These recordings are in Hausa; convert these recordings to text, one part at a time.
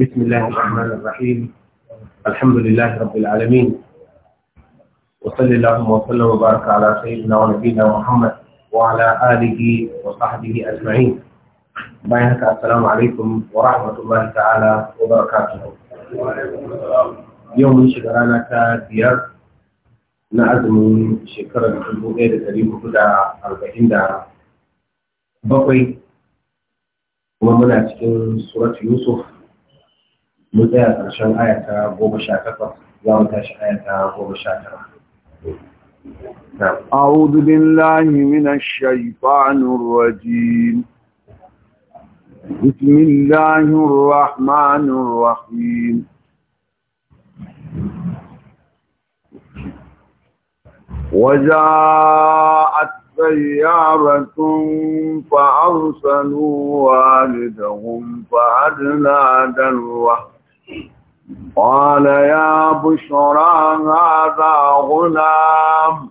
بسم الله الرحمن الرحيم الحمد لله رب العالمين وصلى اللهم وسلم وبارك على سيدنا ونبينا محمد وعلى آله وصحبه أجمعين بينك السلام عليكم ورحمة الله تعالى وبركاته يوم شكرانا كديار نعزم شكرا للمؤيد الكريم كدا أربعين دا بقي ومنا سورة يوسف mun tsaya ƙarshen aya ta goma sha takwas za mu tashi aya ta goma sha tara أعوذ بالله من الشيطان الرجيم بسم الله الرحمن الرحيم وجاءت سيارة فأرسلوا والدهم فأدلى دلوه قال يا بشرى هذا غلام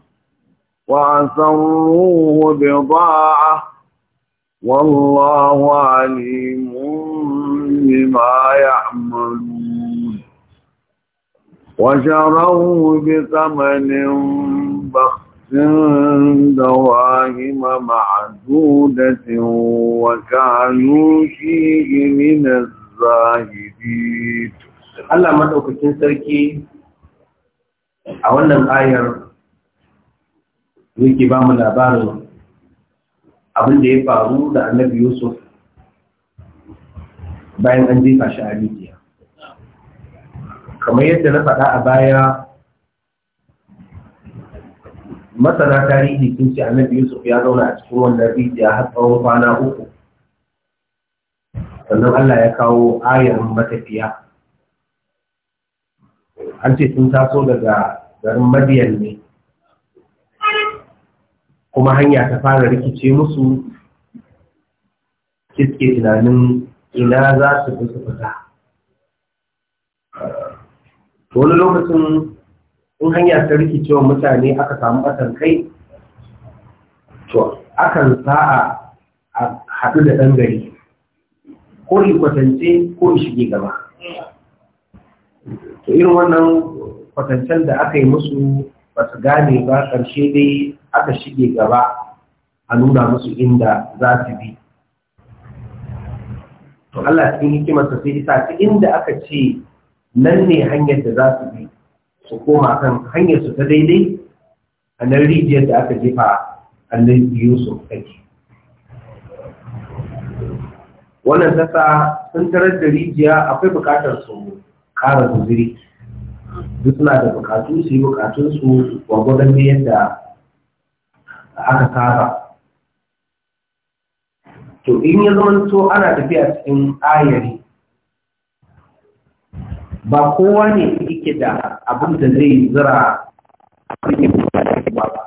وأسروه بضاعة والله عليم بما يعملون وشروه بثمن بخس دواهم معدودة وكانوا فيه من الزهد zahidin Allah madaukakin sarki a wannan ayar yake ba mu labarin abin da ya faru da annabi Yusuf bayan an jefa shi a rijiya kamar yadda na faɗa a baya masana tarihi sun ce annabi Yusuf ya zauna a cikin wannan rijiya har tsawon kwana uku sannan Allah ya kawo ayar matafiya an ce sun taso daga garin madiyan ne kuma hanya ta fara rikice musu suke tunanin ina za su fi su fita wani lokacin in hanya ta rikice wa mutane aka samu batan kai to akan sa'a a haɗu da ɗan gari ko yi kwatance ko yi shige gaba to irin wannan kwatancen da aka yi musu ba su gane ba ƙarshe dai aka shige gaba a nuna musu inda za su bi to Allah cikin hikimarsa sai isa ta inda aka ce nan ne hanyar da za su bi su koma kan hanyar su ta daidai a nan rijiyar da aka jefa annabi Yusuf kake wannan sa sun tarar da rijiya akwai bukatar su ƙara guziri duk suna da bukatu su yi su gwagwadon ne yadda aka saba to in ya zama to ana tafiya cikin ayari ba kowa ne yake da abin da zai zira ba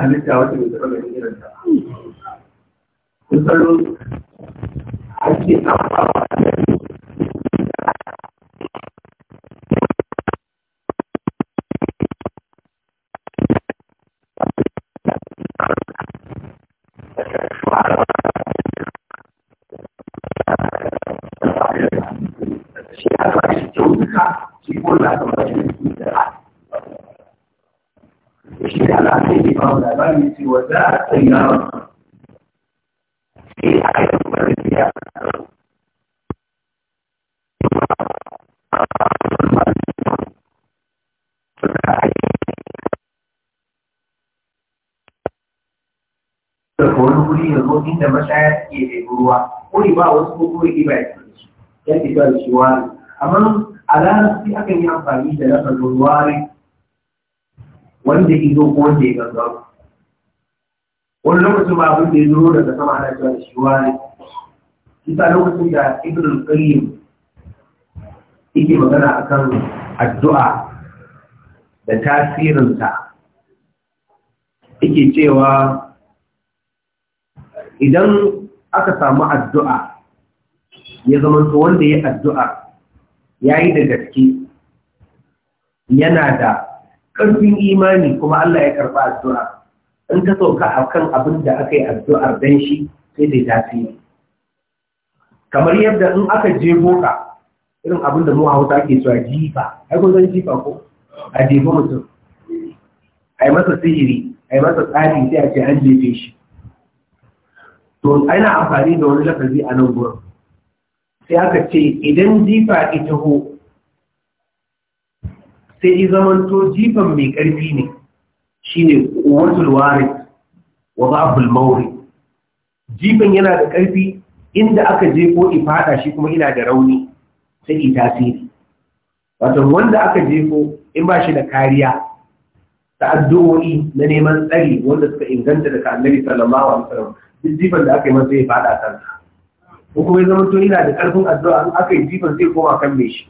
halitta wata mai taɓa ganin ta. Kun tsaro akwai ibada ya ke da shi wani amma a ranar sai akan yi amfani da lafazin wari wanda zo ko wanda ya gaza wani lokacin ba abin da ya zo daga sama ana cewa da shi shi isa lokacin da ibrahim al-qayyim yake magana kan addu'a da tasirinta yake cewa idan aka samu addu'a ya zama to wanda ya addu'a yi da gaske yana da ƙarfin imani kuma Allah ya karɓi addu'a in ka sauka a kan abin da aka yi addu'ar dan shi sai da tasiri kamar yadda in aka je boka irin abin da mu hausa ake a jifa ai jifa ko a jefa mutum a yi masa sihiri yi masa tsari sai a ce an jefe shi to ana amfani da wani lafazi a nan gurin sai aka ce idan jifa ita ho sai yi zamanto jifan mai ƙarfi ne shi ne watul warin wa ba'aful mauri jifan yana da ƙarfi inda aka je ko ifada shi kuma ina da rauni sai i tasiri wato wanda aka ko in ba shi da kariya ta addu'o'i na neman tsari wanda suka inganta daga annabi sallallahu alaihi wasallam duk jifan da aka yi masa ya fada kansa ko kuma ya zama to yana da ƙarfin addu'a an aka yi jifan zai koma kan mai shi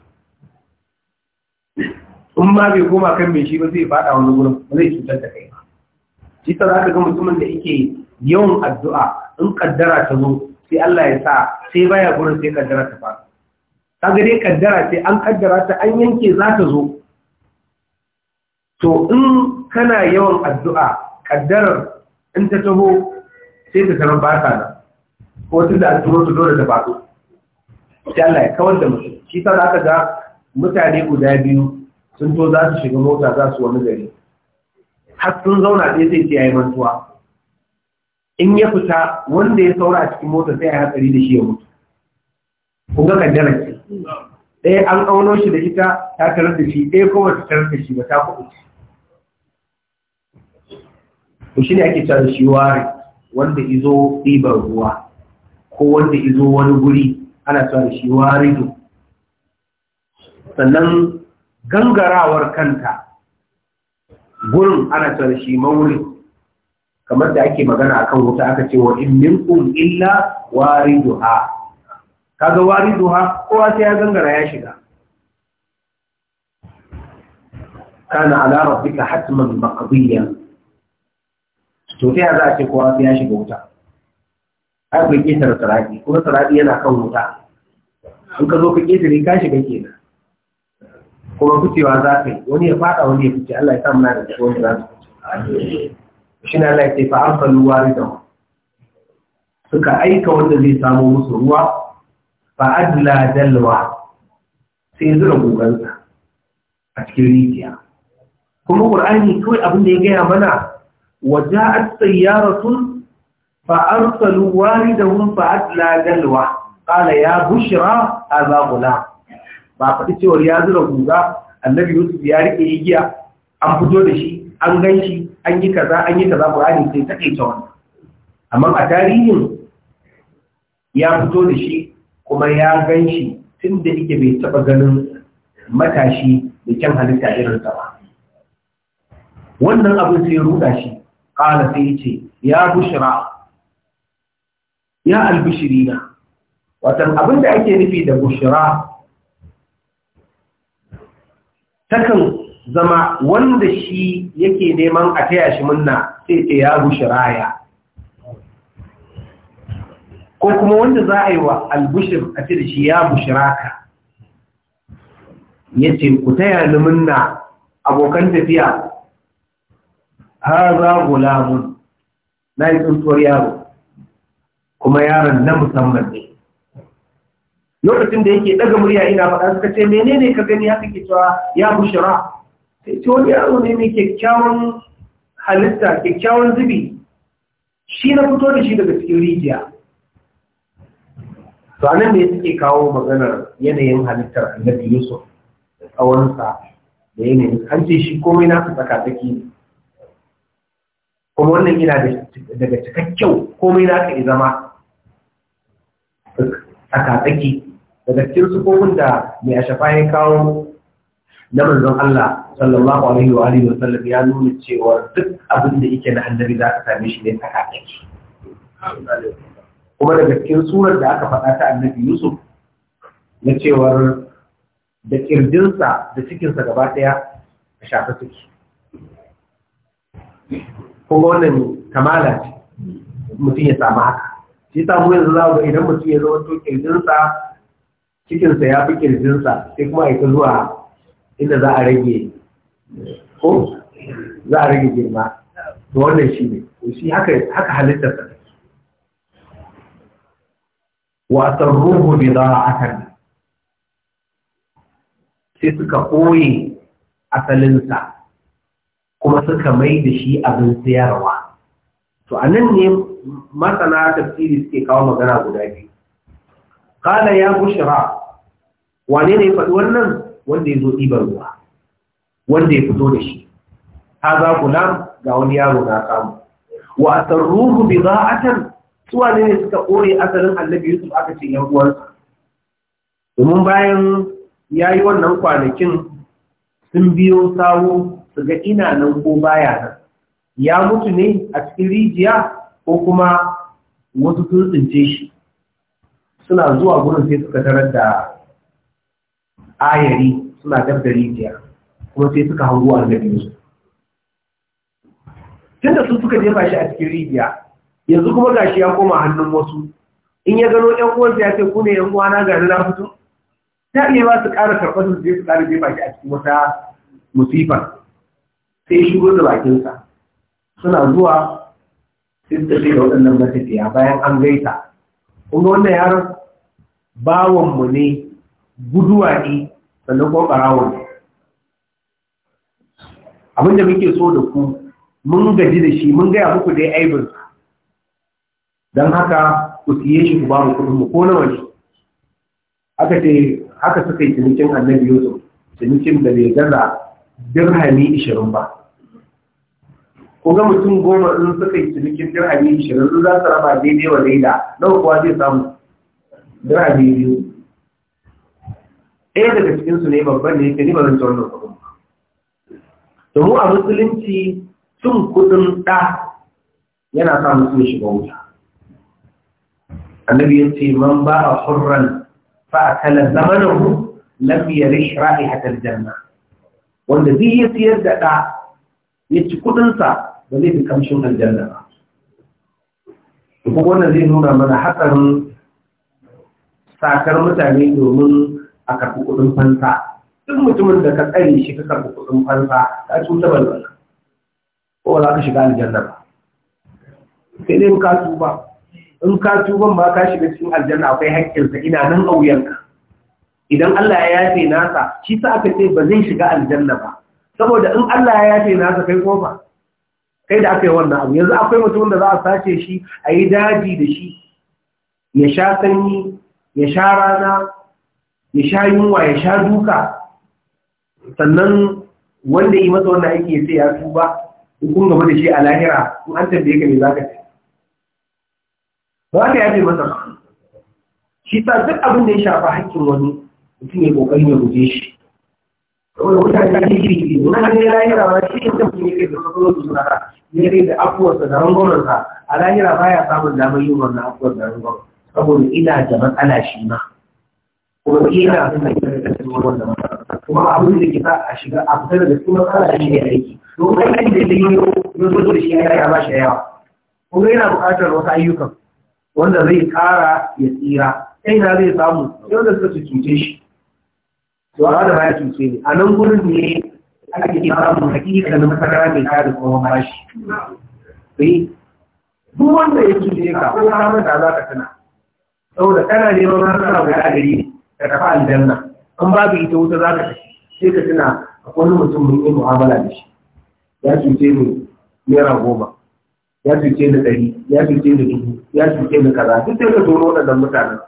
in ma bai koma kan mai shi ba zai faɗa wani gurin ba zai cutar da kai ba shi ta za ka ga mutumin da yake yawan addu'a in kaddara ta zo sai Allah ya sa sai baya gurin sai kaddara ta faru ka ga dai kaddara sai an kaddara ta an yanke za ta zo to in kana yawan addu'a kaddarar in ta taho sai ta tarar ba ta nan ko tun da an turo su dole ta faɗo shi Allah ya kawar da mutum shi sa ka ga mutane guda biyu sun to za su shiga mota za su wani gari har sun zauna ɗaya sai ce ya yi mantuwa in ya fita wanda ya saura a cikin mota sai ya hatsari da shi ya mutu Ku ga kaddarar ce ɗaya an auno shi da ita ta tarar da shi ɗaya kuma ta tarar da shi ba ta kuɗi to shi ne ake cewa shi ware wanda izo ɗiban ruwa ko wanda zo wani guri ana cewa da shi warido sannan gangarawar kanta gurin ana cewa da shi maurid kamar da ake magana akan wuta aka ce wa in minkum illa wariduha kaga wariduha kowa sai ya gangara ya shiga kana ala rabbika hatman maqdiyan to sai za a ce kowa sai ya shiga wuta ai bai ƙetare kuma sarari yana kan wuta in ka zo ka ƙetare ka shiga kenan kuma ficewa za ka yi wani ya fada wani ya fice Allah ya sa muna da cikin wani za su fice shi ne Allah ya ce fa arsalu suka aika wanda zai samu musu ruwa fa adla dalwa sai zura gogansa a cikin rijiya kuma ƙur'ani, kawai abin da ya gaya mana wa ja'at sayyaratun فأرسلوا واردهم فأدلى دلوة قال يا بشرى هذا غلام بعد تقول يا ذلك annabi Yusuf ya rike igiya an fito da shi an gan an yi kaza an yi kaza Qur'ani sai takaita wannan amma a tarihin ya fito da shi kuma ya gan shi tunda yake bai taba ganin matashi da kyan halitta irin sa ba wannan abin sai ruda shi Kala sai yace ya bushra ya albishirina watan abin da ake nufi da bushira takan zama wanda shi yake neman a taya shi munna sai ce ya ya ko kuma wanda za a yi wa albushir a ce da shi ya ka, ya ce ku taya ni munna abokan tafiya ha za gulamun na yi tsuntuwar yaro kuma yaron na musamman ne lokacin da yake daga murya ina faɗa suka ce menene ka gani haka ke cewa ya bushara sai ce wani yaro ne mai kyakkyawan halitta kyakkyawan zubi shi na fito da shi daga cikin rijiya to anan ne suke kawo maganar yanayin halittar annabi yusuf da tsawonsa da yanayin an ce shi komai nasu tsakatsaki ne kuma wannan yana daga cikakken komai naka ya zama tsaka-tsaki daga cikin sufofin da mai ashafa ya kawo na manzon Allah sallallahu alaihi wa alihi wasallam ya nuna cewa duk abin da yake na annabi za ka same shi ne tsaki. kuma daga cikin surar da aka faɗa ta annabi Yusuf na cewar da kirjinsa da cikinsa gaba ɗaya a shafa suke kuma wannan kamala ce mutum ya samu haka shi ta mu yanzu za ga idan mutum ya zama to kirjinsa cikinsa ya fi kirjinsa sai kuma aika zuwa inda za a rage ko za a rage girma da wannan shi ne shi haka halittar sa wa tarruhu bi da'atan sai suka koyi asalinsa kuma suka mai da shi abin sayarwa to anan ne masana tafsiri suke kawo magana guda biyu kala ya bushra wane ne faɗi wannan wanda ya zo ɗiban ruwa wanda ya fito da shi ha za ga wani yaro na samu wa asarruhu bida'atan su wane ne suka kore asalin annabi yusuf aka ce yan uwansa domin bayan ya yi wannan kwanakin sun biyo sawo su ga ina nan ko baya nan ya mutu ne a cikin rijiya ko kuma wasu sun tsince shi suna zuwa gurin sai suka tarar da ayari suna dab da rijiya kuma sai suka hango annabi tun tunda su suka jefa shi a cikin rijiya yanzu kuma gashi ya koma hannun wasu in ya gano ɗan uwansa ya ce ku ne yan uwana ga na fito ta iya ba su ƙara karɓar su je su ƙara jefa shi a cikin wata musifa sai shigo da bakinsa suna zuwa sai ta da waɗannan matafiya bayan an gaita kuma wannan yaron bawanmu ne guduwa ne sannan kuma ɓarawon abinda muke so da ku mun gaji da shi mun gaya muku dai aibinsa don haka ku siye shi ku ba mu kuɗinmu ko nawa ne aka ce haka suka yi cinikin annabi yusuf cinikin da bai gaza dirhami ishirin ba ga mutum goma in suka yi cinikin dirhami ishirin za su raba daidai wa daida nawa kuwa zai samu dirhami biyu ɗaya daga cikinsu ne babban ne yake nima ba zan ci wannan kuɗin ba to mu a musulunci cin kuɗin ɗa yana sa mutum shiga wuta annabi ya ce man ba a hurran fa a kala zamanahu lam yarish ra'ihatal janna wanda zai iya siyar da ɗa ya ci kuɗinsa ba zai fi kamshin aljanna ba kuma wannan zai nuna mana hatsarin sakar mutane domin a karɓi kuɗin fansa duk mutumin da ka tsare shi ka karɓi kuɗin fansa ka cuta balbala ko ba za ka shiga aljanna ba sai dai in ka tuba in ka tuban ba ka shiga cikin aljanna akwai haƙƙinsa ina nan a idan Allah ya yafe nasa shi sa aka ce ba zai shiga aljanna ba saboda in Allah ya yafe nasa kai kofa kai da aka yi wannan abu yanzu akwai mutum da za a sace shi a yi daji da shi ya sha sanyi ya sha rana ya sha yunwa ya sha duka sannan wanda yi masa wannan aiki sai ya tuba in kun gaba da shi a lahira in an tambaye ka me za ka ce ba ka yafe masa shi sa duk abin da ya shafa haƙƙin wani mutum ya ƙoƙari ya guje shi saboda mutane da ke kiri wani hannun lahira ba shi ne mutum yake da sakamako sunana yake da afuwarsa da rangonarsa a lahira ya samun damar yin wannan afuwar da rangon saboda ina da matsala shi ma kuma ina son na kira da cikin wannan matsala kuma abin da ke sa a shiga a fitar da su matsala shi ne aiki domin aikin da ya yi ya zo da shi ya ba shi da yawa kuma yana buƙatar wasu ayyukan wanda zai ƙara ya tsira sai na zai samu yau da suka cuce shi to a da baya cuce ne a nan gurin ne ake samun hakika na masara mai kada tsohon bashi. Sai, eh, duk wanda ya cuce ka ko ka manta za ka tana. Saboda kana neman masara guda gari ne, ka tafi aljanna. An babu ita wuta za ka tafi, sai ka tuna akwai wani mutum mun yi mu'amala da shi. Ya cuce ni naira goma, ya cuce ni ɗari, ya cuce ni dubu, ya cuce ni kaza, duk sai ka zo waɗannan mutanen.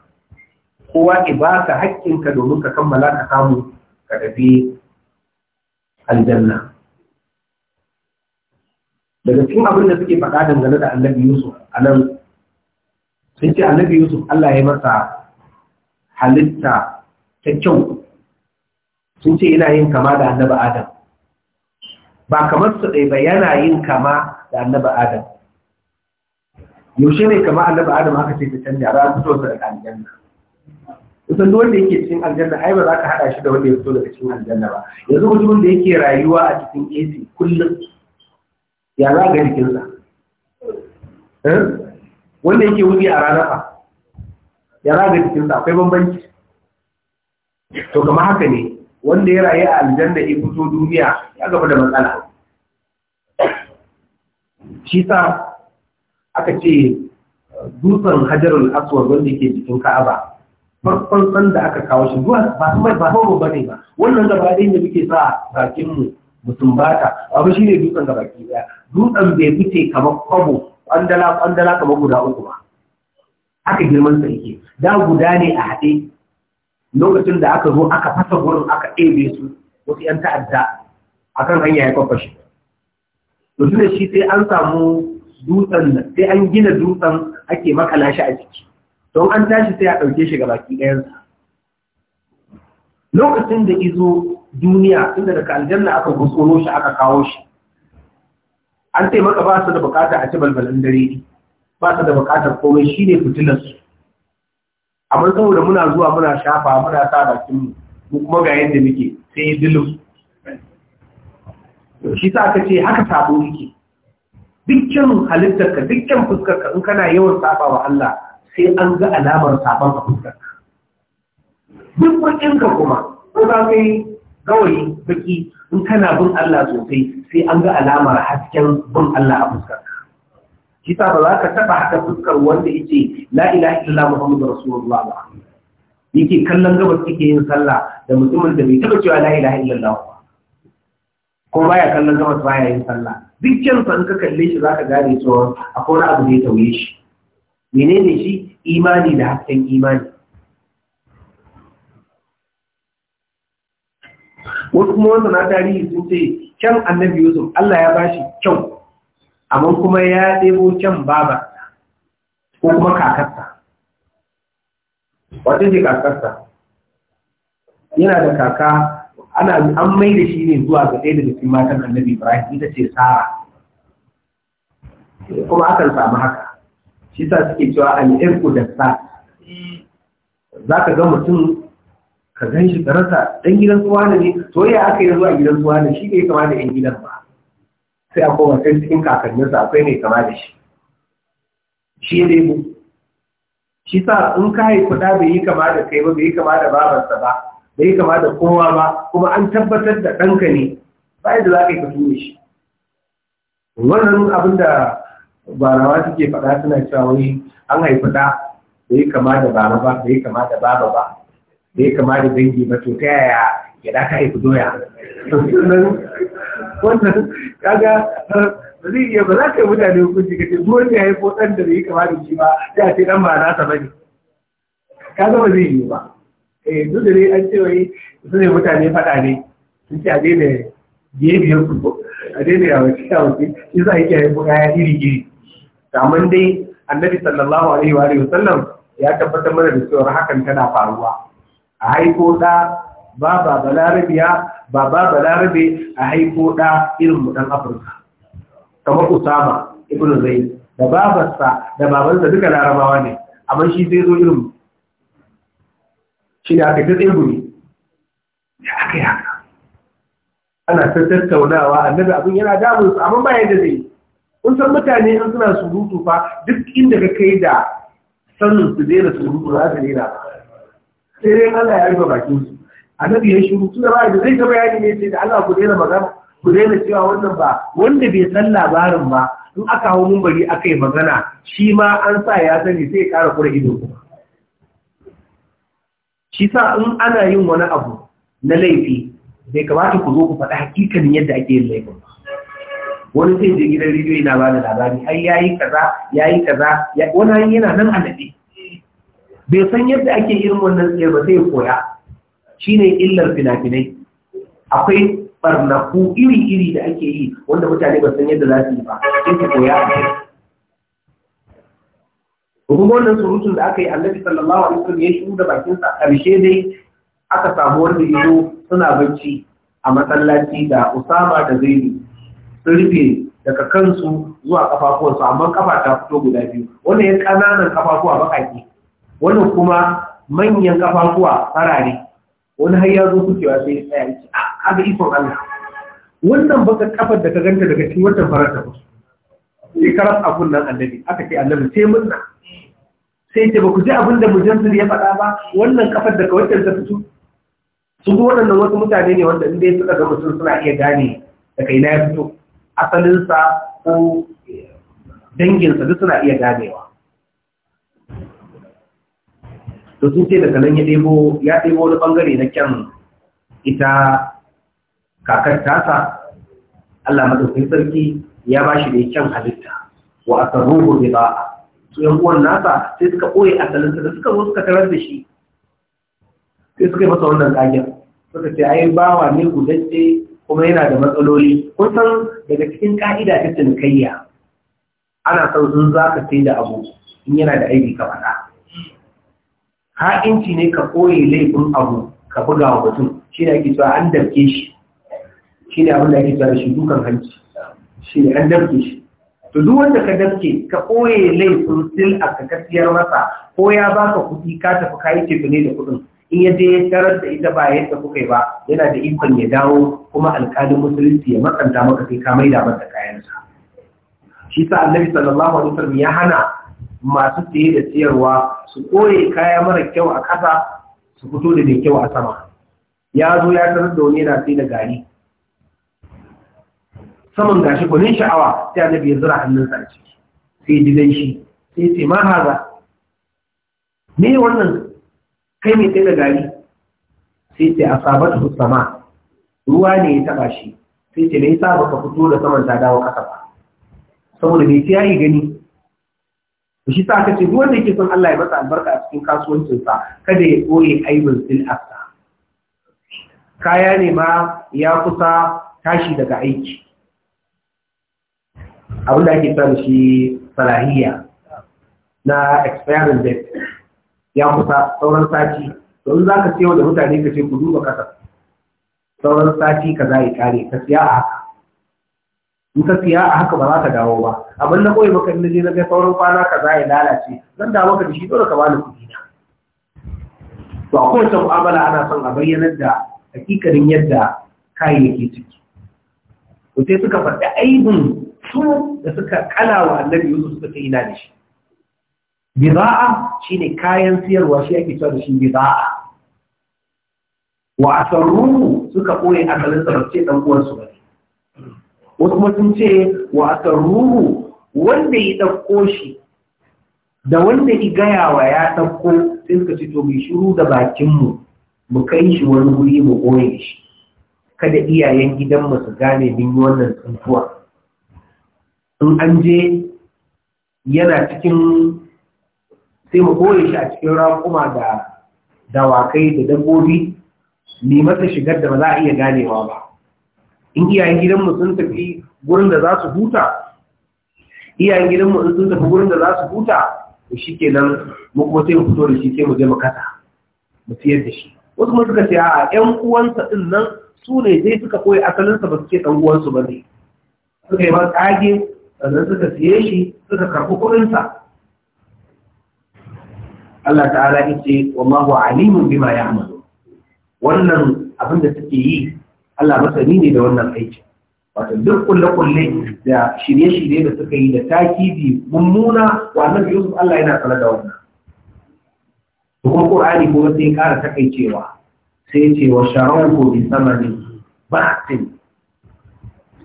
Kowa ki ba ka haƙƙinka domin ka kammala ka samu ka tafi aljanna daga cikin abin da suke faɗa dangane da annabi yusuf a nan sun ce annabi yusuf allah ya masa halitta ta kyau sun ce yana yin kama da annabi adam ba kamar su ɗai ba yana yin kama da annabi adam yaushe ne kama annabi adam aka ce ta canja ra fito su daga aljanna kusan duk wanda yake cikin aljanna ai ba za ka haɗa shi da wanda ya fito daga cikin aljanna ba yanzu mutumin da yake rayuwa a cikin AC kullum ya za ga jikinsa eh? wanda yake wuri a rana fa ya za ga jikinsa akwai bambanci to kamar haka ne wanda ya rayu a aljanna ya fito duniya ya gaba da matsala shi sa aka ce dutsen hajarul aswad wanda yake jikin ka'aba farkon san da aka kawo shi zuwa ba mai ba horo ba ne ba wannan gaba ɗaya da muke sa bakin mu mutum ta abu ne dutsen gaba ki daya dutsen bai fice kamar kwabo kwandala kwandala kamar guda uku ba Aka girman sa yake da guda ne a haɗe lokacin da aka zo aka fasa gurin aka ɗebe su wasu yan ta'adda a kan hanya ya kwakwashe. to tunda shi sai an samu dutsen sai an gina dutsen ake makala shi a ciki don an tashi sai a ɗauke shi ga baki ɗayansa lokacin da izo duniya inda daga aljanna aka gusono shi aka kawo shi an taimaka maka ba su da bukata a ci balbalin dare ba su da bukatar komai shi ne fitilarsu amma saboda muna zuwa muna shafa muna sa bakinmu mu kuma ga yadda muke sai dilin shi sa aka ce haka sabo yake dukkan halittarka dukkan fuskarka in kana yawan safa wa Allah sai an ga alamar sabon a fuskar duk bakin kuma ko za ka yi gawayi baki in kana bin Allah sosai sai an ga alamar hasken bin Allah a fuskar shi ba za ka taɓa haka fuskar wanda yake la ilaha illallah muhammadu rasulullah ba yake kallon gabas yake yin sallah da mutumin da bai taɓa cewa la ilaha illallah ba ko baya kallon gabas baya yin sallah duk kyansa in ka kalle shi za ka gane cewa akwai wani abu da ya tauye shi menene shi imani da haƙƙin imani wasu kuma na tarihi sun ce kyan annabi yusuf allah ya bashi kyau amma kuma ya ɗebo kyan babarsa ko kuma kakarsa wata ce kakarsa yana da kaka ana an mai da shi ne zuwa ga ɗaya daga cikin matan annabi ibrahim ita ce sara kuma akan samu haka shi sa suke cewa al'irku da sa za ka ga mutum ka gan shi ka rasa ɗan gidan su wane ne to ya aka yi zuwa gidan su wane shi ne kama da ɗan gidan ba sai a koma sai cikin sa akwai mai kama da shi shi ne mu shi sa in ka yi kuɗa bai yi kama da kai ba bai yi kama da babarsa ba bai yi kama da kowa ba kuma an tabbatar da ɗanka ne ba yadda za ka yi ka ture shi wannan abin da barawa suke faɗa suna cewa wani an haifi ɗa da ya kama da baba ba da ya kama da baba ba da ya kama da dangi ba to ta yaya ya da ta haifi doya sannan wannan kaga ba zai iya ba za ka yi mutane hukunci ka ce duk ya haifo ɗan da bai kama da shi ba sai a ce ɗan ba nasa ba ne kaga ba zai yi ba eh duk da dai an ce wai su ne mutane faɗa ne sun ce a daina biyar biyar a daina yawace yawace shi za a yi kyayin buga ya iri iri kamar dai annabi sallallahu alaihi wa alihi wasallam ya tabbatar mana da cewa hakan tana faruwa a haiko da baba balarabiya baba balarabe a haiko da irin mu dan afirka kamar usama ibnu zaid da babarsa da babansa duka larabawa ne amma shi zai zo irin shi da aka tsaye gumi da aka yi haka ana ta tattaunawa annabi abin yana damunsa amma ba yadda zai yi kun san mutane in suna surutu fa duk inda ka kai da sanin su daina surutu za su daina sai dai Allah ya rufe bakin su annabi ya shiru tun da ba da zai ta bayani ne sai da Allah ku daina magana ku daina cewa wannan ba wanda bai san labarin ba in aka hau mun bari aka magana shi ma an sa ya sani sai ya kara kura ido shi sa in ana yin wani abu na laifi bai kamata ku zo ku faɗi hakikan yadda ake yin laifin ba wani zai je gidan rediyo yana ba da labari ai ya yi kaza ya yi kaza wani hanyar yana nan a nade bai san yadda ake irin wannan tsayar ba sai koya Shi ne illar fina-finai akwai barnaku iri-iri da ake yi wanda mutane ba san yadda za su yi ba sai su koya a kai kuma wannan surutun da aka yi annabi sallallahu alaihi wasallam ya shiru da bakinsa, sa karshe dai aka samu wanda ido suna bacci a masallaci da Usama da Zaid sun rufe daga kansu zuwa kafafuwansu amma kafa ta fito guda biyu wannan ya kananan kafafuwa bakaki wannan kuma manyan kafafuwa farare wani har ya zo kuke sai ya tsaya ce a ah, kaga ikon Allah wannan baka kafar da ka ganta daga cikin wannan farar ta musu sai karas abun nan annabi aka ce annabi sai munna sai ce ba ku ji abin da mujassir ya faɗa ba wannan kafar da ka wacce ta fito su ga waɗannan wasu mutane ne wanda inda ya suka ga mutum suna iya gane da kai na ya fito asalinsa ko danginsa duk suna iya ganewa to sun ce daga nan ya ɗebo ya ɗebo wani ɓangare na kyan ita kakar tasa Allah madaukakin sarki ya ba shi da kyan halitta wa a ba a. su yan uwan nasa sai suka ɓoye asalinsa da suka zo suka tarar da shi sai suka yi masa wannan ƙagen, suka ce ai bawa ne gudanje kuma yana da matsaloli kun san daga cikin ka'ida ta cinikayya ana san in za ka sai da abu in yana da aibi ka faɗa ha'inci ne ka koye laifin abu ka buga wa mutum shi ne ake an dabke shi shi ne abin da ake cewa shi dukan hanci shi ne an dabke shi to duk wanda ka dabke ka koye laifin sil a kakasiyar masa ko ya baka kuɗi ka tafi kayi teku ne da kuɗin in ya ya tarar da ita ba yadda kuka yi ba yana da ikon ya dawo kuma alƙalin musulunci ya matsanta maka sai ka damar da kayansa shi sa annabi sallallahu alaihi wasallam ya hana masu tsaye da tsayarwa su koye kaya mara kyau a ƙasa su fito da kyau a sama ya zo ya tarar da wani yana sai da gari saman gashi gwanin sha'awa sai annabi ya zura hannunsa a ciki sai ji shi sai ce ma haza me wannan kai mai tsaye da gari sai ce a sabar sama ruwa ne ya taba shi sai ce na yi baka fito da saman ta dawo kasa ba saboda mai ta yi gani shi sa aka ce ruwan da yake son Allah ya masa albarka a cikin kasuwancinsa kada ya ɓoye aibin asa kaya ne ma ya kusa tashi daga aiki abinda ake da shi salahiya na expiring date ya kusa sauran sati to in ka ce da mutane ka ce ku duba kasa sauran sati ka za yi kare ka siya a haka in ka siya a haka ba za ka dawo ba abin na koyi maka inda je na ga sauran kwana ka za ya lalace zan dawo ka da shi dole ka bani kuɗi na to a kowace mu'amala ana son a bayyanar da hakikarin yadda kayayyaki ciki ko sai suka faɗi aibin su da suka kalawa wa annabi yusuf suka yi na da shi bida'a shine kayan siyarwa shi ake cewa shi bida'a wa asarruhu suka koyi asalin sa bace dan uwan su bane wasu kuma ce wa asarruhu wanda ya dauko shi da wanda ya gaya wa ya dauko sai suka ce to mu shiru da bakin mu mu kai shi wani guri mu koye shi kada iyayen gidan mu su gane din wannan tsuntuwa in an je yana cikin sai mu kore shi a cikin rakuma da dawakai da dabbobi ne masa shigar da ba za a iya ganewa ba in iyayen gidanmu sun tafi gurin da za su huta iyayen gidanmu sun tafi gurin da za su huta to shi ke mu kuma sai mu fito da shi sai mu je mu kasa mu siyar da shi wasu kuma suka ce a 'yan uwansa din nan su ne zai suka koyi asalinsa ba su ke ɗan uwansu ba ne suka yi ba kage sannan suka siye shi suka karɓi kuɗinsa Allah ta'ala yace wallahu alimun bima ya'malu wannan abin da suke yi Allah masani ne da wannan aiki wato duk kulle-kulle da shirye-shirye da suka yi da takidi mummuna wa annabi Yusuf Allah yana tsare da wannan to kuma Qur'ani kuma sai ƙara takaicewa sai ce wa sharahu bi samani ba'tin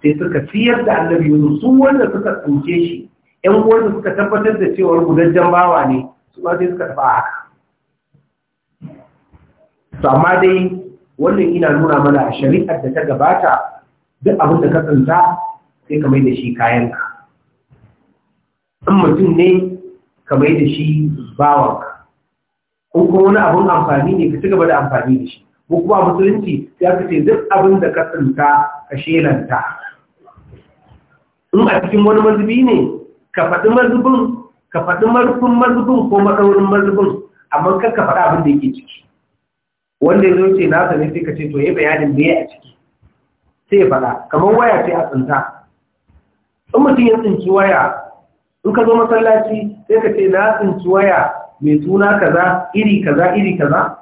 sai suka siyar da annabi Yusuf su wanda suka tsince shi ƴan uwansa suka tabbatar da cewa gudanjen bawa ne su sai suka taɓa haka to amma dai wannan ina nuna mana a shari'ar da ta gabata duk abin da ka tsanta sai ka mai da shi kayanka in mutum ne ka mai da shi bawanka in kuma wani abin amfani ne ka ci gaba da amfani da shi ko kuma musulunci ya ka ce duk abin da ka tsanta ka shelanta in a cikin wani mazubi ne ka faɗi mazubin ka faɗi marfin mazubin ko maɗaurin mazubin amma kan ka faɗi abin da yake ciki wanda ya zo ce na sani sai ka ce to ya bayanin me a ciki sai ya faɗa kamar waya ce a tsinta in mutum ya tsinci waya in ka zo masallaci sai ka ce na tsinci waya mai suna kaza iri kaza iri kaza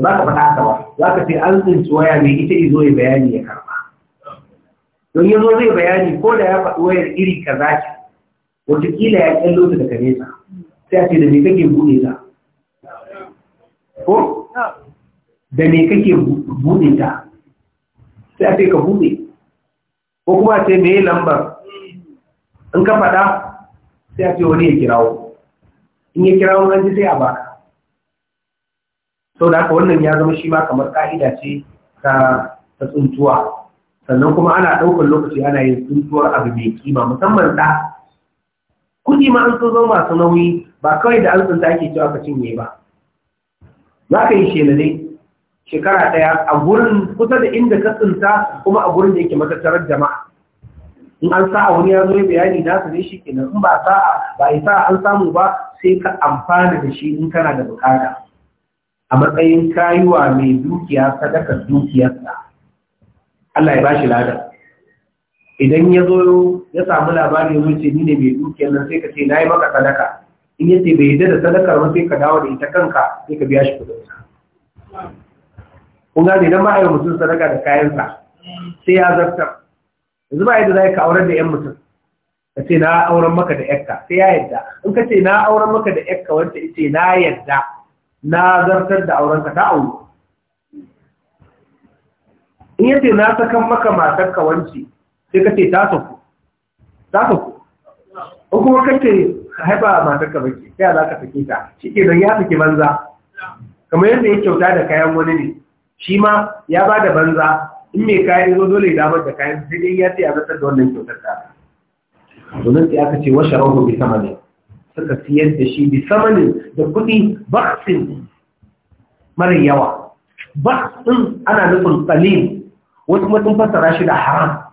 za ka faɗa haka ba za ka ce an tsinci waya mai ita izo ya bayani ya karɓa don yanzu zai bayani ko da ya faɗi wayar iri kaza ce wataƙila ya kyallo ta daga nesa sai a ce da me kake buɗe ta ko da me kake buɗe ta sai a ce ka buɗe ko kuma sai ce me yi lambar in ka faɗa sai a ce wani ya kirawo in ya kirawo an ji sai a baka sau da haka wannan ya zama shi ma kamar ƙa'ida ce ta tsuntuwa sannan kuma ana ɗaukar lokaci ana yin tsuntuwar abu mai kima musamman ɗa kudi ma an sun zo masu nauyi ba kawai da an tsinta ake cewa ka cinye ba za ka yi shelale shekara ɗaya a gurin kusa da inda ka tsinta kuma a gurin da yake matattarar jama'a in an sa'a wani ya zo ya bayani da su ne shi kenan in ba sa'a ba a sa an samu ba sai ka amfana da shi in kana da bukata a matsayin kayuwa mai dukiya sadakar dukiyarsa Allah ya ba shi ladar idan ya zo ya samu labari ya zo ce ni ne mai duke nan sai ka ce na yi maka sadaka in ya ce bai da sadakar ma sai ka dawo da ita kanka sai ka biya shi kudinsa kun gane idan ba mutum sadaka da kayansa sai ya zarta yanzu ba yadda za ka aurar da 'yan mutum ka ce na auren maka da 'yakka sai ya yadda in ka ce na auren maka da 'yakka wanda ce na yadda na zartar da aurenka ta auri. in ya ce na sakan maka matarka wance sai kace ta sauku ta sauku ko kuma ka haifa matarka ka baki sai za ka sake ta shi ke ya sake banza kamar yadda ya kyauta da kayan wani ne shi ma ya ba da banza in mai kayan zo dole ya damar da kayan sai dai ya ce ya zartar da wannan kyautar ta domin sai aka ce washe rahu bi sama ne suka siyar da shi bi sama ne da kuɗi baksin mara yawa baksin ana nufin tsalin wasu mutum fassara shi da haram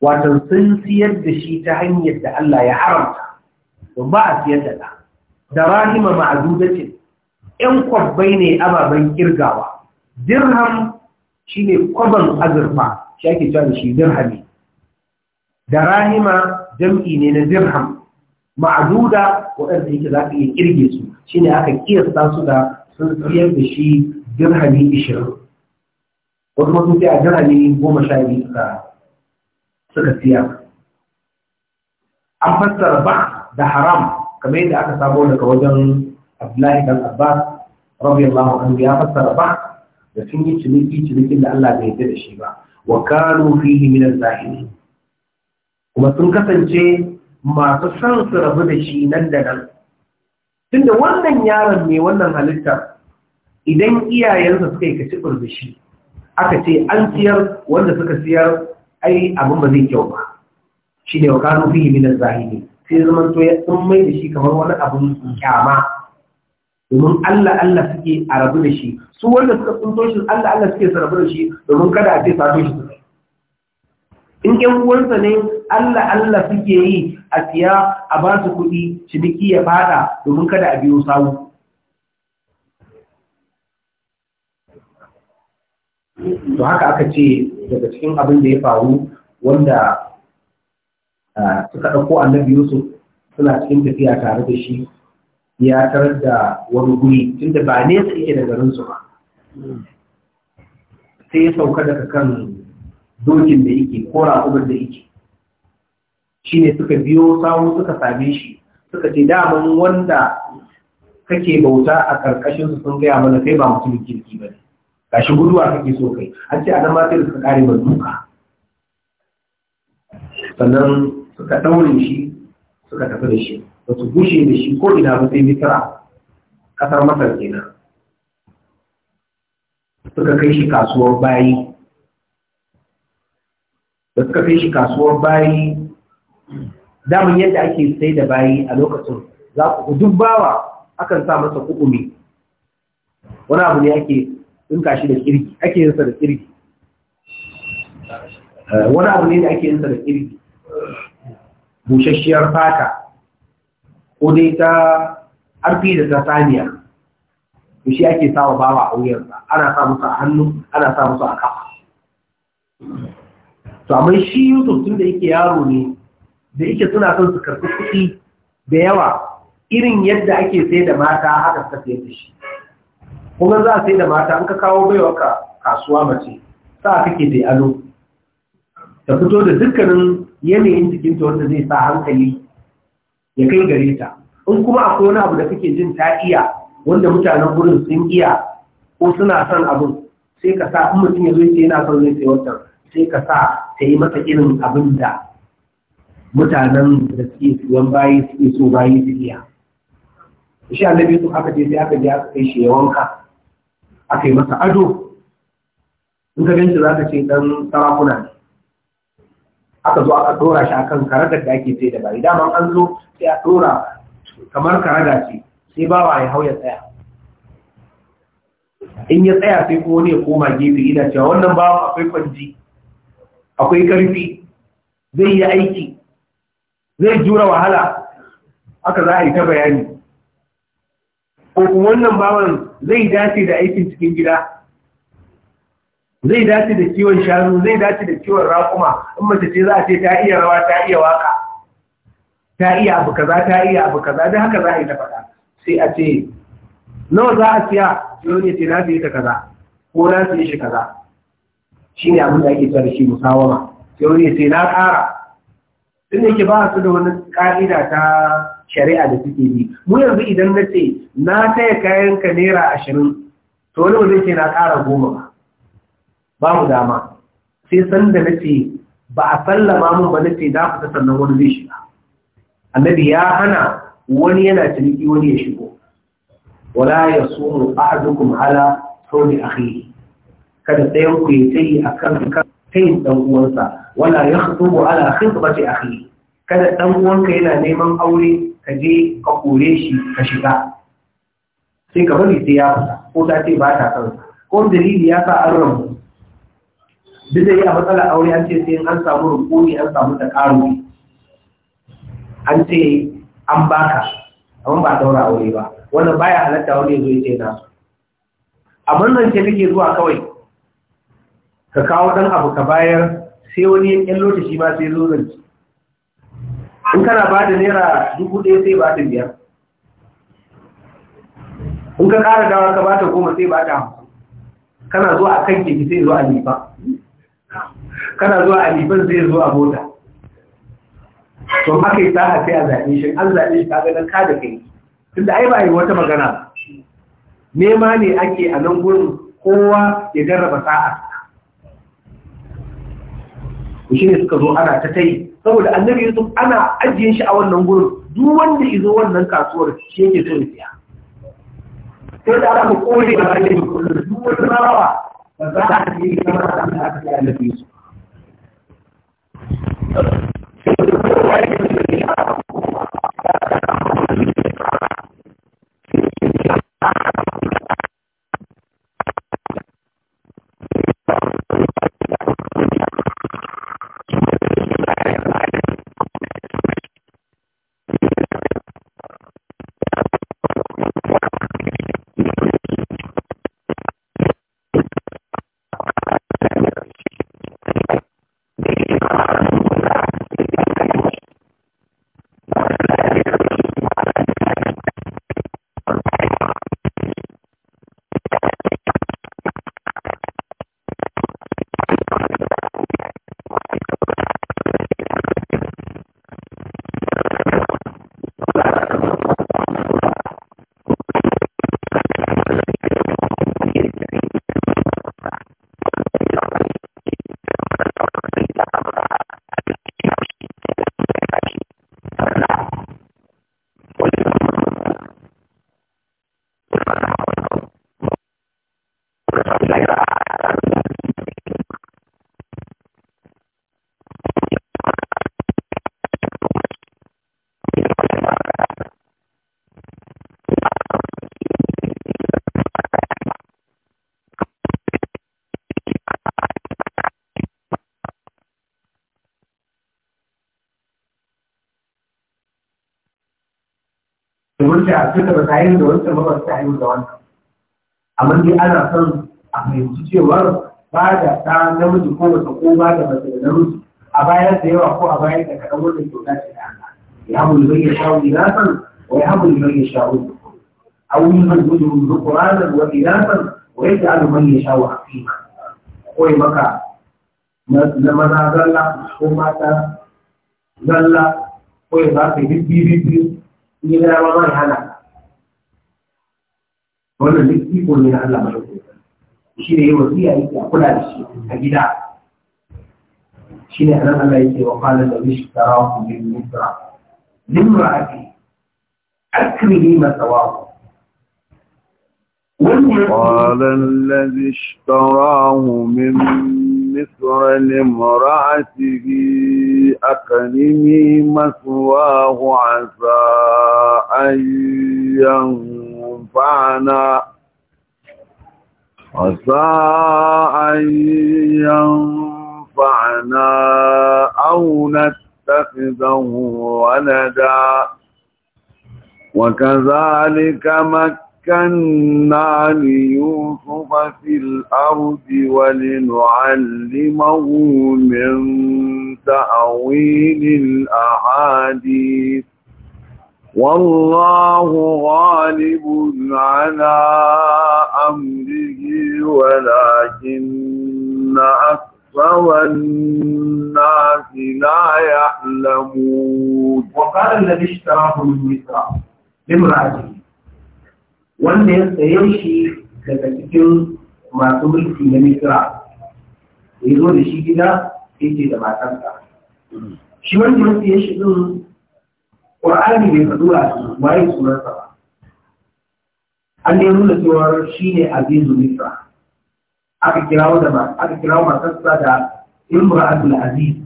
wato sun siyar da shi ta hanyar da Allah ya haramta don ba a siyar da da rahima ma'adudacin ‘yan kwabbai ne ababen kirgawa dirham shi ne kwaban azurfa shi ake cewa da shi dirhami da rahima jam'i ne na dirham ma'aduda waɗanda yake za ka iya kirge su shi ne aka kiyasta su da sun siyar da shi dirhami ishirin wasu masu a dirhami goma sha biyu suka siya an fassara ba da haram kamar yadda aka sabo daga wajen abdullahi dan abbas allahu anhu ya fassara ba da sun yi ciniki cinikin da Allah bai yadda da shi ba wa kanu fihi min zahiri kuma sun kasance masu san su rabu da shi nan da nan tunda wannan yaron ne wannan halitta idan iyayensa suka yi kaci da shi aka ce an siyar wanda suka siyar ai abin ba zai kyau ba shi ne wa kanu fihi min zahiri sai zama to ya tsummai da shi kamar wani abin kyama domin Allah Allah suke a rabu da shi su wanda suka tsunto shi Allah Allah suke su rabu da shi domin kada a ce sato shi suka in ƴan uwansa ne Allah Allah suke yi a siya a ba su kuɗi ciniki ya fada domin kada a biyo sawu to haka aka ce daga cikin abin da ya faru wanda suka ɗauko annabi yusuf suna cikin tafiya tare da shi ya tarar da wani guri tunda ba nesa yake da garinsu ba sai ya sauka daga kan dokin da yake ko raƙumin da yake shi ne suka biyo samu suka same shi suka ce daman wanda kake bauta a ƙarƙashinsu sun gaya mana kai ba mutumin kirki ba ne ga shi guduwa kake so kai an ce a matar suka kare mai duka sannan suka daure shi suka tafi da shi ba su gushe da shi ko ina ba sai misira kasar masar kenan suka kai shi kasuwar bayi da suka kai shi kasuwar bayi damun yadda ake sai da bayi a lokacin za ku duk bawa akan sa masa kukumi wani abu ne ake ka shi da kirki ake yinsa da kirki eh, wani abu ne da ake yinsa da kirki bushashiyar fata ko dai ta arfi da ta saniya to shi ake sawa bawa a wuyansa ana sa musu a hannu ana sa musu a kafa to amma shi yusuf tun da yake yaro ne da yake suna son su karɓi kuɗi da yawa irin yadda ake sai da mata haka suka sayar da shi kuma za a sai da mata an ka kawo baiwa ka kasuwa mace sa kake da ado ta fito da dukkanin yanayin jikinta wanda zai sa hankali ya kai gare ta in kuma akwai wani abu da kake jin ta iya wanda mutanen gurin sun iya ko suna son abin sai ka sa in mutum ya zo ce yana son zai sai wata sai ka sa ta yi masa irin abin da mutanen da suke siyan bayi suke so bayi su iya. Isha Annabi sun aka je sai aka je aka kai shi ya wanka aka yi masa ado in ka ganci za ka ce ɗan sarakuna ne aka zo aka ɗora shi akan karagar da ake sai da bari dama an zo sai a ɗora kamar karaga ce sai ba wa ya hau ya tsaya in ya tsaya sai kuma wani ya koma gefe ina cewa wannan bawa akwai kwanji akwai karfi zai yi aiki zai jura wahala aka za a yi ta bayani ko kuma wannan bawan zai dace da aikin cikin gida zai dace da kiwon shanu zai dace da kiwon raƙuma in mace ce za a ce ta iya rawa ta iya waka ta iya abu kaza ta iya abu kaza dan haka za a yi ta faɗa sai a ce nawa za a siya yau ne ce na siya ta kaza ko na yi shi kaza shi ne abin da ake cewa shi musawama yau ne ce na ƙara din yake ba su da wani ƙa'ida ta shari'a da suke bi mu yanzu idan na ce na taya kayan ka naira ashirin to wani wani ce na ƙara goma ba babu dama sai sanda na ce ba a sallama mun ba na ce za ku ta sannan wani zai shiga annabi ya hana wani yana ciniki wani ya shigo wala ya mu hala ahadukum ala sauni akhihi kada ɗayan ku ya tayi kan kan kai dan uwansa wala yakhubu ala khitbati akhi kada dan uwanka yana neman aure ka je ka kore shi ka shiga sai ka bari sai ya fita ko ta ce ba ta san ko dalili ya sa an rabu duk da yi a matsalar aure an ce sai an samu rukuni an samu takaruri an ce an baka amma ba daura aure ba wannan baya halatta wani zo ya ce na a ce kake zuwa kawai ka kawo ɗan abu ka bayar sai wani yan lokaci ma sai zo in kana ba da naira dubu ɗaya sai ba ta biyar in ka ƙara dawa ka ba ta goma sai ba ta hamsin kana zuwa a kan keke sai zo a lifa kana zuwa a lifan zai zo a mota to haka yi sa'a sai a zaɓe shi an zaɓe shi kaga dan ka da kai tunda ai ba a yi wata magana nema ne ake a nan gurin kowa ya jarraba sa'a ku shine suka zo ana ta tai saboda annabi yusuf ana ajiye shi a wannan gurin duk wanda izo wannan kasuwar shi yake so ya siya sai da aka kore a cikin duk wanda rawa ba za a yi kamar da aka yi annabi yusuf Yayin da wancan ba ya su da wannan, amma dai ana son a fahimci cewa ba da ta namiji ko wata ko ba da mace da namiji a bayan da yawa ko a bayan da kaɗan wannan kyauta ce da Allah ya hamu liman ya sha sha'u inasan wa ya hamu liman ya sha A awuyi zan gudu zukuranan wa inasan wa ya ja'alu man ya sha wa a ko ya maka na maza zalla ko mata zalla ko ya ba ka bibbi bibbi ni da ma hana هلا موجود شيء هو هذا الشيء من مصر لمرأتي أكرمي ما تواضع قال الذي اشتراه من مصر لامرأته أقلمي مثواه عسى أن ينفعنا عسى أن ينفعنا أو نتخذه ولدا وكذلك مكنا ليوسف في الأرض ولنعلمه من تأويل الأحاديث والله غالب على أمره ولكن أكثر الناس لا يعلمون وقال الذي اشتراه من مصر لامرأته wanda ya saye shi daga cikin masu mulki na ya zo da shi gida yake da shi ya ƙwar'ani bai faɗo a waye sunansa ba an dai nuna cewa shi ne azizu misra aka kirawo da aka kirawo matarsa da imra'atul aziz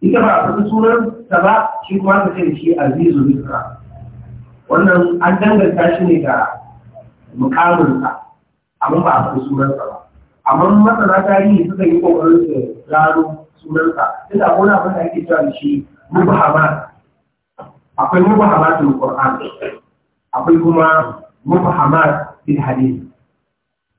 ita ba a faɗi sunan ta ba shi kuma aka ce shi azizu misra wannan an danganta shi ne ga mukaminsa amma ba a faɗi sunansa ba amma masana tarihi suka yi kokarin su gano sunansa duk da gona ba ta ake cewa shi mubahama akwai mubahamatul qur'an akwai kuma mubahamat bil hadith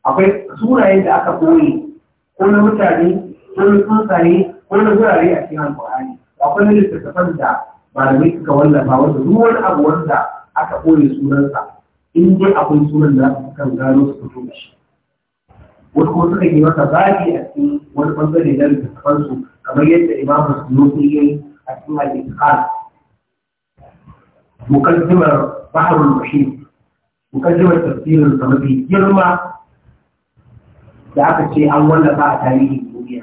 akwai sunayen da aka koyi ko na mutane ko na tsuntsaye ko na wurare a cikin alqur'ani akwai littattafan da malamai suka wallafa wanda ruwan abu wanda aka koyi sunansa in dai akwai sunan da kan gano su fito shi Wani kuma suka yi masa zaɓi a cikin wani ɓangare na littattafansu kamar yadda imamu sunusi yayi a cikin al مقدمة بحر المحيط مقدمة تفسير الزمبي girma da aka ce an wanda ba a tarihin duniya.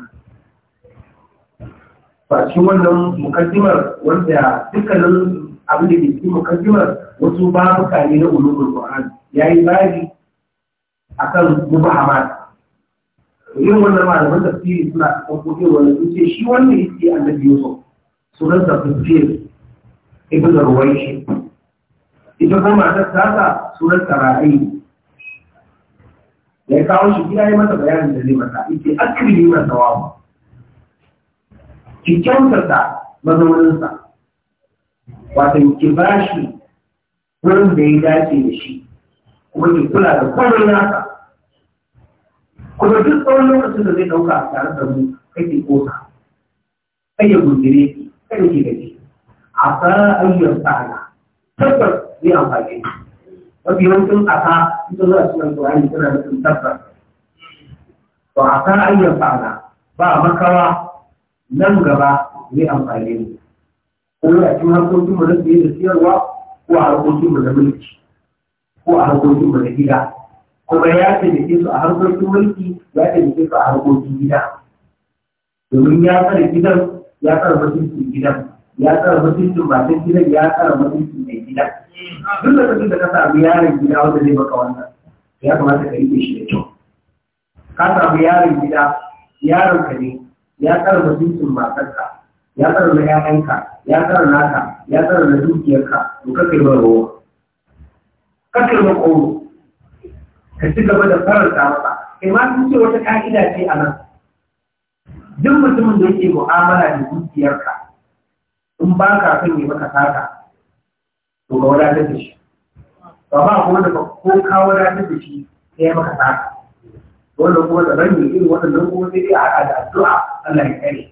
Ba shi wannan mukaddimar wanda dukkanin abin da ke cikin mukaddimar wasu babuka mutane na ulumul Qur'an yayi babi akan mubahamat. Yin wannan malaman tafsiri suna kokoke wanda sun ce shi wanda yake annabi Yusuf sunan tafsir Ibn Ruwaishi ita kuma ta ta sunan tara'i da ya kawo shi gina yi mata bayanin da zai mata ita akiri masa wawa ki kyautata mazauninsa wata ki ba shi wurin da ya dace da shi kuma ki kula da komai naka kuma duk tsawon lokacin da zai ɗauka a tare da mu kai kosa kai ya gundire ki gaji a tsara ayyukan sa'ala tabbas zai amfani mafi yawancin aka ita a cikin alƙur'ani tana nufin Ba a aka ayyar fa'ala ba makawa nan gaba zai amfani ne ko a cikin harkokin mu na siye da siyarwa ko a harkokin mu na mulki ko a harkokin mu na gida kuma ya taimake su a harkokin mulki ya taimake su a harkokin gida domin ya tsare gidan ya tsara mutuncin gidan ya tsara mutuncin matan gidan ya tsara mutuncin mai gida duk lokacin da ka samu yaron gida wanda zai maka wannan ya kamata ka rike shi da kyau ka samu yaron gida yaron ka ne ya tsara mutuncin matarka ya tsara na ƴaƴanka ya tsara naka ya tsara na dukiyarka to ka kai ruwa ka kai ruwa ka ci gaba da faranta masa kai ma sun ce wata ka'ida ce a nan duk mutumin da yake mu'amala da dukiyarka in ba ka son yi maka sata to ka wadatar da shi ba ba kuma da ko ka wadatar da shi sai ya maka saka wanda kuma da ran irin waɗannan kuma sai dai a haɗa da addu'a Allah ya kare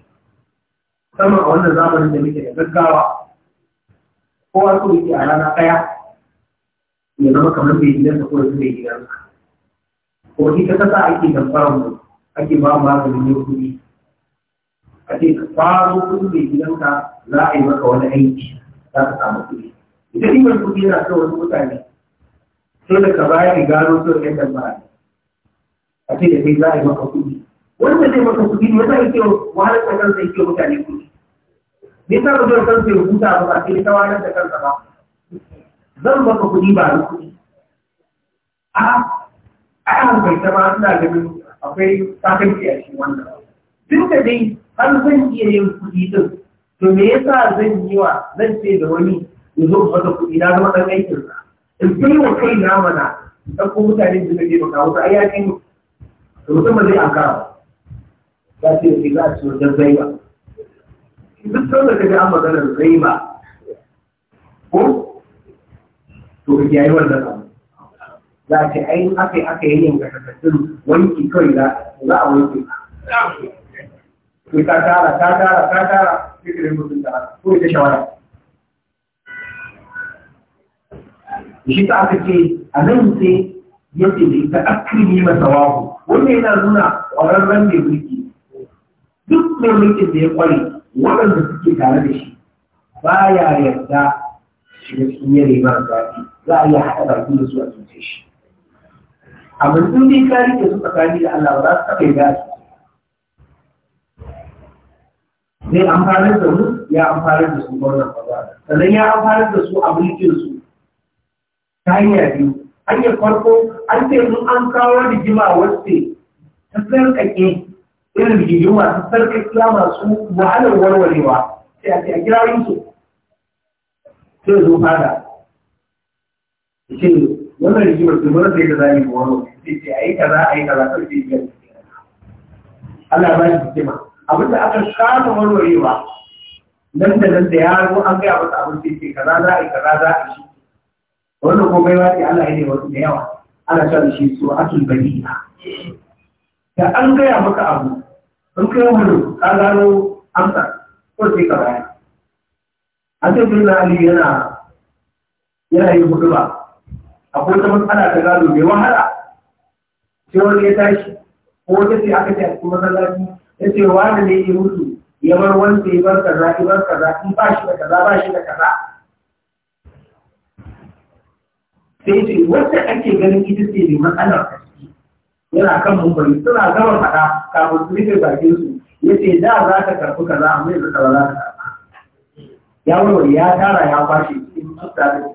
musamman a wannan zamanin da muke da gaggawa kowa so yake a rana ɗaya ya zama kamar bai gidansa ko yanzu bai gidansa ko ita ta sa ake damfarar mu ake ba maganin ne kuɗi a ce ka faro kuɗi mai gidanka za a yi maka wani aiki za ka samu kuɗi Idan ribar kuɗi yana kan wani mutane sai da ka bayan gano so ya kan ba a ce da kai za a yi maka kuɗi wanda zai maka kuɗi ne zai ke wahalar da kansa yake mutane kuɗi ne ta zo da kansa ya huta ba sai ta wahalar da kansa ba zan maka kuɗi ba ni kuɗi a a hankali ta ma ina ganin akwai sakanci a shi wannan duk da dai har zan iya yin kuɗi din to me yasa zan yi wa zan ce da wani ya zo fasa kuɗi na zama ɗan aikin sa in bai wa kai na mana ɗan ko mutane da suka taimaka wasu ai ya kai da ba zai an kara za su yi za a ci wajen zaiba duk sanda ka ga an maganar zaiba ko to ka kiyaye wannan abu za ta ainihin aka yi aka yi yin gasassun wanki kawai za a wanki sai ta tara ta tara ta tara sai ka rin mutunta ko ita shawara shi ta aka ce a nan sai yadda da ita akiri masa wahu wanda yana nuna ƙwararren mai mulki duk mai mulki da ya ƙware waɗanda suke tare da shi ba ya yarda shiga cikin yare mara zafi za a iya haɗa baki da su a cuce shi a in dai ka rike su tsakani da Allah ba za su taɓa yarda zai amfanar da mu ya amfanar da su wannan ba sannan ya amfanar da su a mulkin su ta hanya biyu hanyar farko an ce mun an kawo rigima a wasu ta sarkake irin rigimu masu ya masu wahalar warwarewa sai a ce a kira su sai zo fada ce wannan rigimar su mara sai da zami ga wani sai ce a yi kaza a yi kaza karfe biyar Allah ba shi hikima abinda aka shafa warwarewa nan da nan da ya zo an gaya masa abin sai ce kaza za a yi kaza za a yi shi wannan ko baiwa ce Allah ya yi wasu da yawa ana cewa da shi suratul bari'a da an gaya maka abu in kai wani ka gano amsa ko sai ka bayar an ce bin Ali yana yana yin hudu ba akwai wata matsala ta gado mai wahala sai wani ya tashi ko wata ce aka ce a cikin masallaci ya ce wani ne ya mutu ya bar wanda ya bar kaza ya bar kaza in ba shi da kaza ba shi da kaza sai ce wacce ake ganin ita ce ne matsalar a ciki yana kan mumbai suna gama faɗa kafin su rufe bakin su ya ce da za ka karɓi kaza mai yanzu ba za ka karɓa ya warware ya tara ya kwashe cikin tsafta da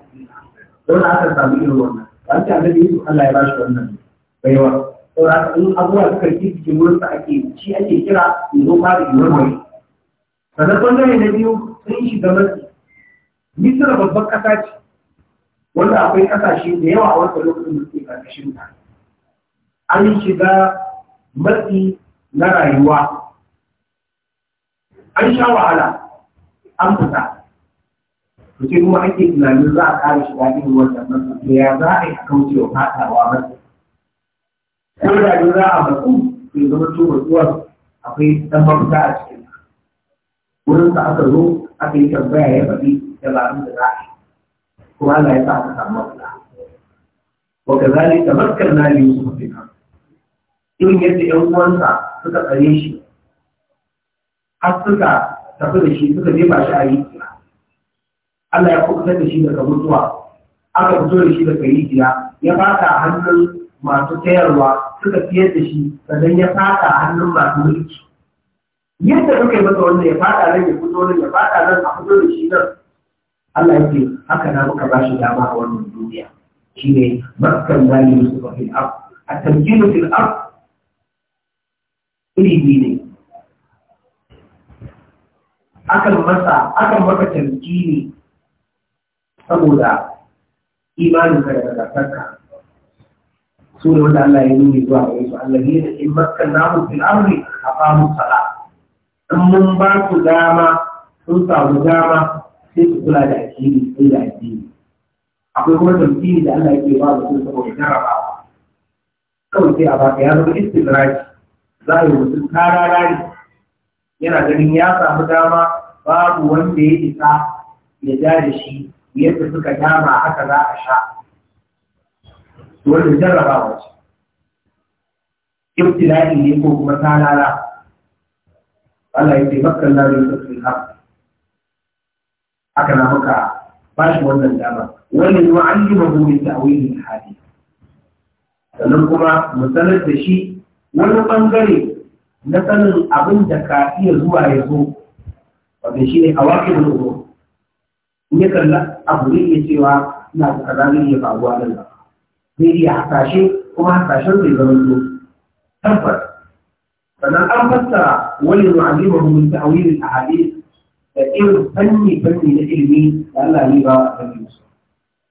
don aka samu irin wannan ba ta yi su Allah ya ba shi wannan baiwa don haka in abubuwa suka ci cikin wurin sa ake shi ake kira yanzu ma da warware sannan bangare na biyu sun shiga matsi Misira babban ƙasa ce wanda akwai kasashe da yawa a wata lokacin da suke karkashin ta an shiga matsi na rayuwa an sha wahala an fita sai kuma ake tunanin za a kare shiga irin wannan matsi da ya za a yi a kauce wa fatawa matsi ko da ne za a matsu sai zama tuwa matsuwar akwai dan mafita a cikin wurin da aka zo aka yi tambaya ya faɗi dabarun da za a yi kuma Allah ya sa aka samu mafita ta maskar na li yusuf fi al Yin yadda ƴan uwansa suka tsare shi har suka tafi da shi suka jefa shi a yi rijiya Allah ya kubutar da shi daga mutuwa aka fito da shi daga yi rijiya ya fata a hannun masu tayarwa suka siyar da shi sannan ya fata a hannun masu mulki yadda suka yi masa wanda ya fata nan ya fito nan ya fata nan a fito da shi nan Allah yake haka na muka ba shi dama a wannan duniya Shi ne, da yi su fil ab a tamkinu fil ab ilimi ne akan masa akan maka tamkini saboda imaninka da nagartarka su ne wanda Allah ya nuni zuwa ga su Allah ne da in makkan namu fil a aqamu salat in mun ba su dama sun samu dama sai su kula da addini sai da addini akwai kuma tamfiri da Allah yake ba da su saboda jarabawa kawai sai a baka ya zama istidraji za a yi mutum rari yana ganin ya samu dama babu wanda ya isa ya ja da shi yadda suka dama haka za a sha wanda jarrabawa ce ibtila'i ne ko kuma tarara Allah ya ce makkan lalata sun haɗu haka na muka ba shi wannan dama wani ma an yi mabumin ta'awilin hadi sannan kuma mu sanar da shi wani bangare na sanin abin da ka iya zuwa ya zo wanda shi ne a waƙe da zuwa in ya kalla abu ne ya cewa na da kaza zai ya faruwa nan ba zai iya hasashe kuma hasashen zai zama zo tabbas sannan an fassara wani mu'azimahu min ta'awilin ahadith da irin fanni fanni na ilimi da Allah ne ba a fanni su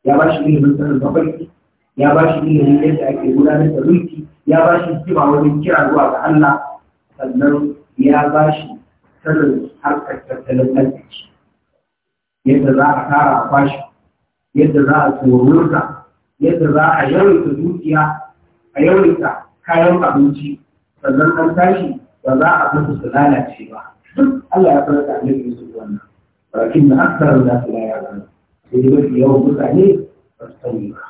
ya ba shi ilimin sanin mafarki ya ba shi ilimin yadda ake gudanar da mulki ya ba shi hikima wani kira zuwa ga Allah sannan ya ba shi sanar harkar tattalin arziki yadda za a tara a kwashi yadda za a tsoronta yadda za a yawaita dukiya a yawaita kayan abinci sannan an tashi ba za a mutu su lalace ba duk Allah ya sanar da annabi Yusuf wannan walakin na akthar da su la ya'lamu sai dai mafi yawan mutane ba su sani ba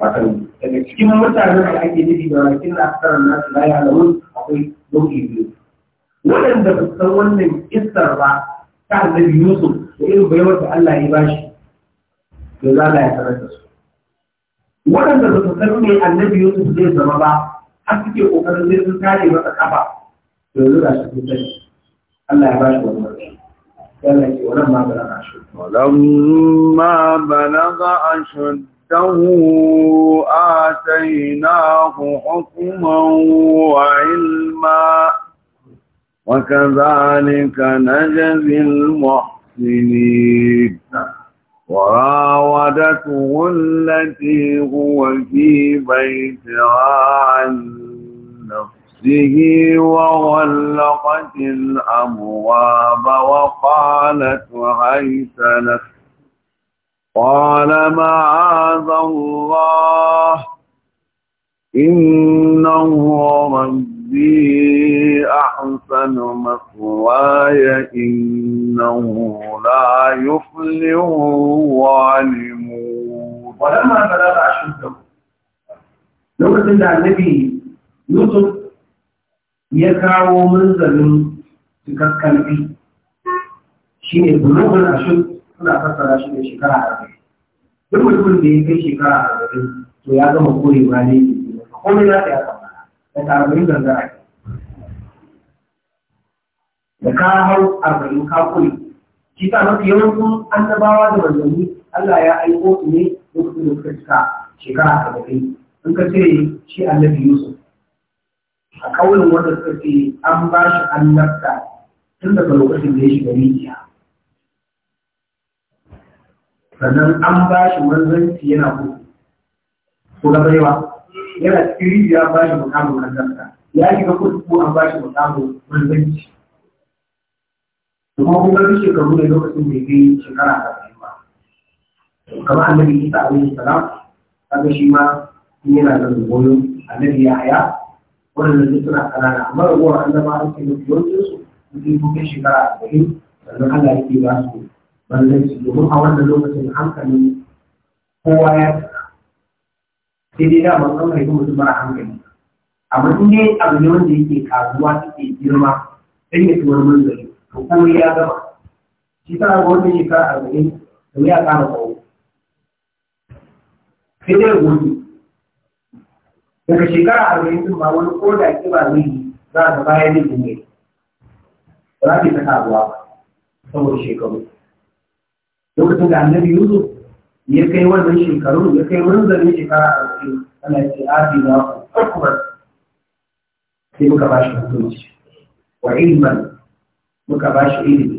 wato daga cikin mutanen da ake nufi da walakin na akthar da su la ya'lamu akwai nau'i biyu waɗanda ba su san wannan kissar ba ta annabi Yusuf da irin bayawar da Allah ya bashi to za a ya sanar da su waɗanda ba su san me annabi Yusuf zai zama ba har suke ƙoƙarin zai sun kare masa kafa yanzu ga shi sun sani Allah ya bashi wani barci ولما بلغ أشده آتيناه حكما وعلما وكذلك نجزي المحسنين وراودته التي هو في بيتها عن نفسه نفسه وغلقت الأبواب وقالت هيت لك قال معاذ الله إنه ربي أحسن مثواي إنه لا يفلح الظالمون ولما بلغ أشده لو كنت النبي يوسف ya kawo manzalin cikakkan fi shi ne bulogun ashud suna fassara shi da shekara arba'in duk mutumin da ya kai shekara a arba'in to ya gama ba ne ke ke masa komai za ta ya kamara da arba'in gangara ke da ka hau arba'in ka kure shi ta mafi yawancin annabawa da manzanni Allah ya aiko su ne lokacin da suka cika shekara arba'in in ka cire shi annabi Yusuf a kawai wanda suka ce an ba shi annabta tun daga lokacin da ya shiga rijiya sannan an ba shi manzanci yana kuma ko ga baiwa yana cikin rijiya ba shi mukamin manzanta ya shiga kurkuku an ba shi mukamin manzanci kuma kuma duk shekaru ne lokacin da ya kai shekara arba'in ba kamar annabi isa alaihi salam kaga shi ma yana da goyon annabi ya haya wannan ne suna kanana amma da annaba an kai mafi yawancin su mutum ko kai shekara arba'in sannan Allah yake ba su manzanci domin a wannan lokacin hankali kowa ya tsaka sai dai da ban kama haifi mutum mara hankali amma in dai abu ne wanda yake karuwa suke girma sai ya tuwar manzari to kuma ya gama shi sa ga wannan shekara arba'in to ya kama tsawo sai dai gobe daga shekara arba'in din ba wani koda ba zai za ka baya zai dinge ba za ta karuwa ba saboda shekaru lokacin da annabi yuzu ya kai wannan shekaru ya kai zane shekara arba'in ana ce abi na kwakwar sai muka ba shi hukunci wa ilman muka ba shi ilimi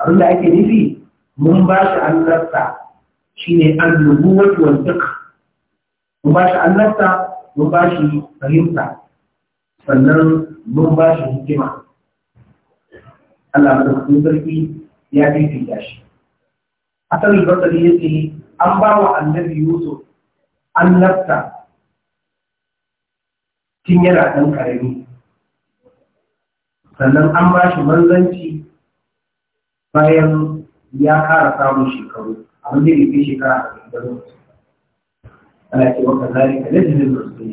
abinda ake nufi mun ba shi annabta shine annubuwatu wal fiqh mun ba shi annabta mun ba shi fahimta sannan mun ba shi hikima Allah madaukakin sarki ya fifita shi asalin basari ya ce an ba wa annabi yusuf annabta tun yana ɗan ƙarami sannan an ba shi manzanci bayan ya ƙara samun shekaru abin da ya fi shekara a cikin Allah ce waka zalika lajnul rusul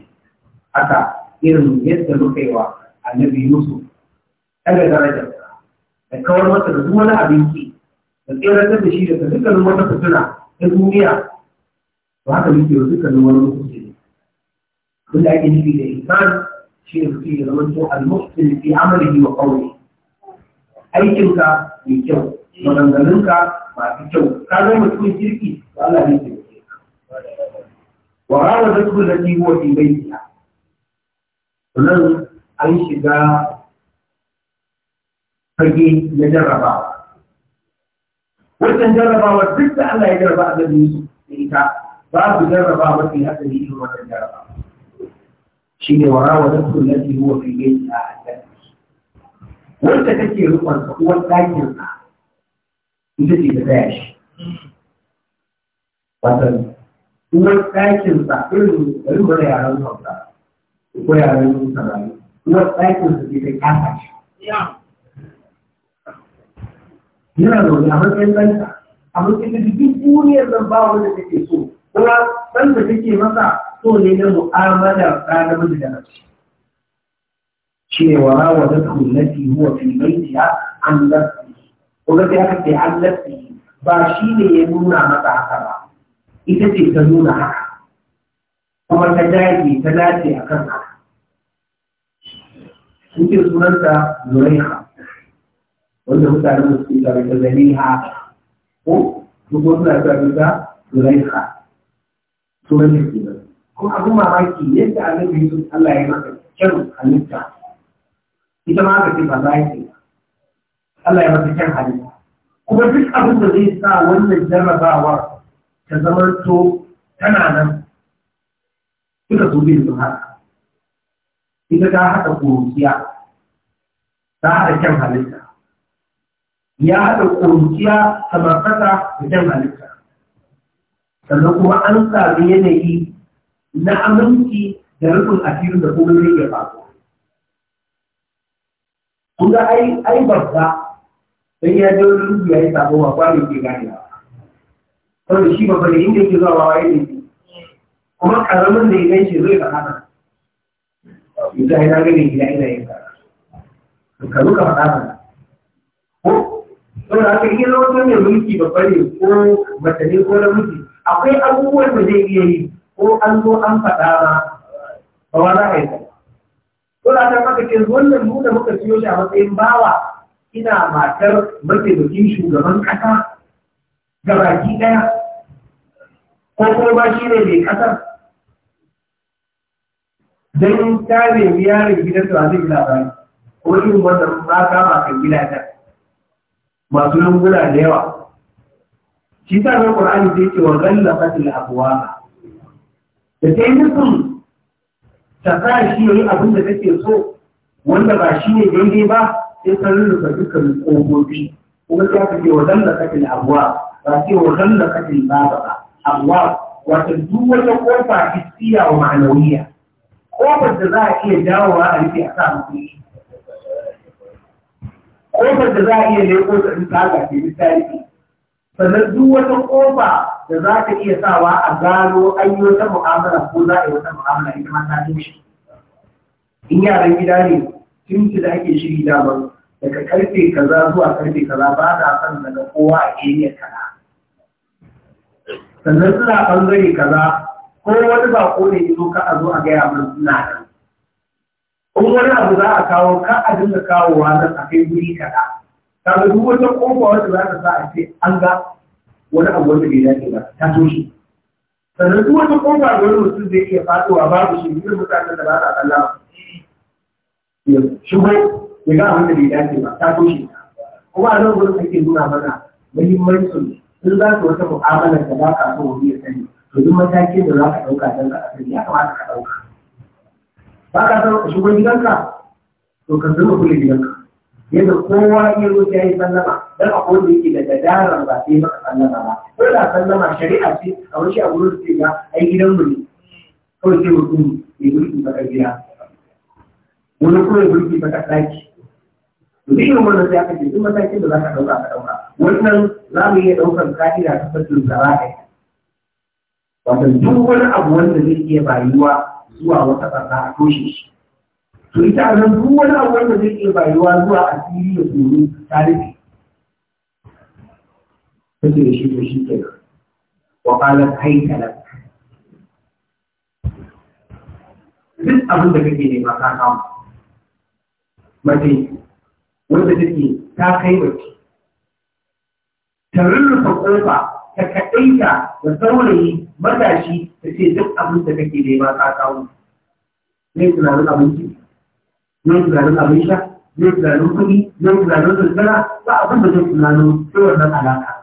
haka irin yadda muka wa annabi Yusuf daga darajar da kawar masa da duk wani abinci da tseratar da shi daga dukkanin wata fitina ta duniya to haka muke wa dukkanin wani mutunci ne da ake nufi da insan shi ne mutum ya zama to al-muhsin aikinka mai kyau maganganunka masu kyau ka mutumin kirki to wa rana da su da kiwo fi shiga fage na jarrabawa wannan jarrabawa duk da Allah ya jarraba a gani da ita babu jarraba mafi hatsari irin wannan jarraba shi ne wara wa nasu lati huwa fi wanda take rukun uwar ɗakin ita ce taya shi kuma ɗakin sa irin bari bari yaran hausa ko yaran sarari kuma ɗakin sa ke kai kasa shi yana zaune a matsayin ɗansa a matsayin da duk duniyar nan ba wanda take so kuma ɗan da take masa so ne na mu'amala ta na miji da mace cewa rawadathu allati huwa fi baytiha an nafsihi ko ga sai aka ce an nafsihi ba shi ne ya nuna masa haka ba ita ce ta nuna haka kuma ta dage ta dace a kan haka suke sunanta zuraiha wanda mutanen da suke tare da zaniha ko duk wasu na tare da zuraiha sunanta ke nan kuma abu mamaki yadda annabi yusuf Allah ya maka kyan halitta ita ma aka ce ba za ya Allah ya maka kyan halitta kuma duk abin da zai sa wannan jarrabawar ta zamanto tana nan suka zo biyu sun haka ita ta haɗa ƙuruciya ta haɗa kyan halitta ya haɗa ƙuruciya samarkata da kyan halitta sannan kuma an sami yanayi na aminci da rufin asirin da kuma zai iya faɗo Kun ga ai babba sai ya je wani rubu ya yi sabuwa ba ke ganewa. saboda shi babba da inda yake zuwa ba waye ne kuma karamin da ya gan shi zai faɗa yanzu ai na ga gida ina yin kara ka zo ka faɗa ba ko saboda haka in yana wata mai mulki babba ne ko mace ne ko namiji akwai abubuwan da zai iya yi ko an zo an fada ba ba wa za a yi kuma ko da ta maka ce wannan mu da muka siyo shi a matsayin bawa ina matar mataimakin shugaban kasa ga baki ɗaya ko ko ba shi ne mai ƙasar don tare nemi yaron gidan da zai labari ko irin wanda ba kama kan ta. masu lunguna da yawa shi sa nan qur'ani zai ce wa ghallafa al abwa da ta yi nufin ta sa shi yayi abin da take so wanda ba shi ne daidai ba sai ta rurrufe dukkan kofofi kuma ta ke wa ghallafa al abuwa. ba sai wa kalla katin baba ba amma wata duk wata kofa istiya wa ma'anawiya kofar da za a iya dawowa a rufe a sa mutum kofar da za a iya leko ta in tsaga ce misali sannan duk wata kofa da za ta iya sawa a gano an yi wata mu'amala ko za a yi wata mu'amala ita ma ta tushe in yaran gida ne tunci da ake shiri damar daga karfe kaza zuwa karfe kaza ba na san daga kowa a area kaza sannan suna ɓangare kaza ko wani bako ne iso ka a zo a gaya mun suna nan in wani abu za a kawo ka a dinga kawowa nan a kai guri kaza kaga duk wata ƙofa wata za ta sa a ce an ga wani abu wanda bai dace ba ta toshe sannan duk wata ƙofa da wani mutum zai iya faɗowa babu shi irin mutanen da ba sa kalla ya shigo ya ga abin da bai dace ba ta toshe kuma a nan wurin ake nuna mana muhimmancin in za ka wata mu'amala da za ka so wani ya sani to duk mataki da za ka ɗauka don ka asali ya kamata ka ɗauka ba ka san ka shigo gidanka to ka zama kulle gidanka yadda kowa ya zo ya yi sallama don a kowanne yake da dadarar ba sai maka sallama ba ko da sallama shari'a ce a wani shi a wurin su ya ai gidan mu ne kawai sai mutum ya mulki maka gida wani kuma ya mulki maka ɗaki to shi wannan sai aka ce duk matakin da za ka ɗauka ka ɗauka wannan za mu iya ɗaukar ka'ida ta fasin zara'i wato duk wani abu wanda zai iya bayuwa zuwa wata ƙasa a toshe shi to ita a nan duk wani abu wanda zai iya bayuwa zuwa asiri da tsoro ta rufe take da shi to shi ke wa qalat haytala duk abin da kake nema ka samu mace wanda take ta kai bacci ta rurrufa kofa ta kaɗaita da saurayi matashi ta ce duk abin da kake ba ta kawo ne tunanin abinci ne tunanin abin sha ne tunanin kuɗi ne tunanin zirgara ba abin da zai tunanin sai nan alaka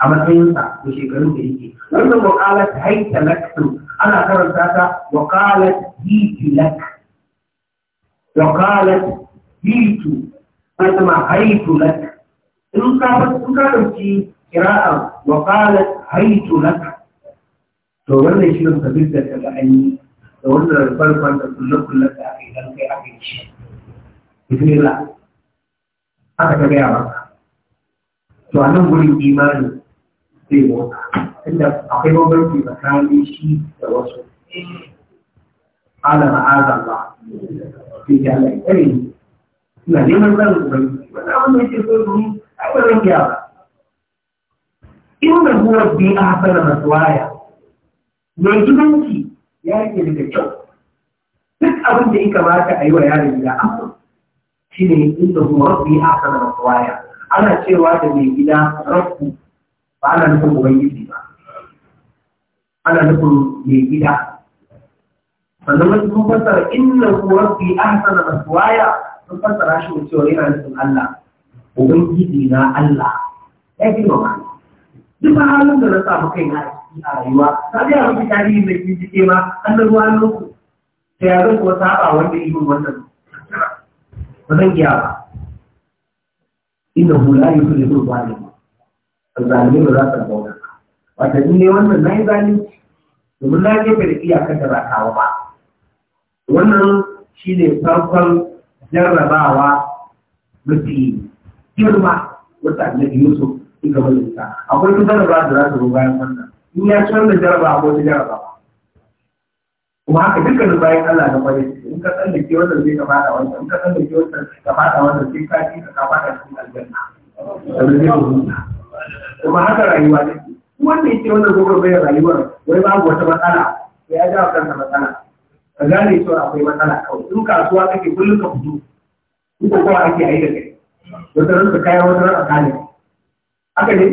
a matsayinsa da shekarun da yake wannan wakalar haita lakto ana karanta ta wakalar lak. wakalar bitu ko kuma haitu lak in ka in ka dauki kira'a wa qalat haitu lak to wannan shi ne sabis da kaga ani da wannan farkon da kullu kullu da aka yi dan kai aka yi shi bismillah aka ta gaya maka to a nan gurin imani zai mu inda akwai bambanci tsakanin shi da wasu ala ma'azallah sai ya Allah ya suna neman zan ubangiji wanda abin da yake so domin a ba zan iya ba inda huwa bi a hasana masu waya, mai gidanci ya rike daga kyau duk abin da ya kamata a yi wa yaron gida an shi ne inda huwa rabbi a hasana masu waya. ana cewa da mai gida rabbu ba ana nufin ubangiji ba ana nufin mai gida sannan wasu sun fassara inna huwa rabbi a hasana masuwaya sun fassara shi cewa yana nufin Allah gidi na Allah ya fi ma duk halin da na samu kai na a rayuwa ta biya mafi tarihin da kin jike ma an da ruwa loku ta yaro zan kuwa saba wanda yi mun wannan ba zan giya ba inda hula yi ba ne su A zalimi ba za ta zauna wata ni ne wannan na yi zane domin na gefe da iyakar da ba ba wannan shi ne farkon jarrabawa mafi girma wata annabi Yusuf in gaba da ita akwai ta jarraba da za ta zo bayan wannan in ya ci wannan jarraba ko ta jarraba kuma haka dukkanin bayan Allah da kwaye in ka san da ke wannan zai ka fada wannan in ka san da ke wannan ka fada wannan sai ka ci ka fada cikin aljanna da zai ka kuma haka rayuwa ne. Wannan yake wannan gobe rayuwar wai babu wata matsala ya ja kansa matsala ka gane cewa akwai matsala kawai in kasuwa kake kullum ka fito in ko kowa ake aika kai wata ranka kaya wata ranka kane haka ne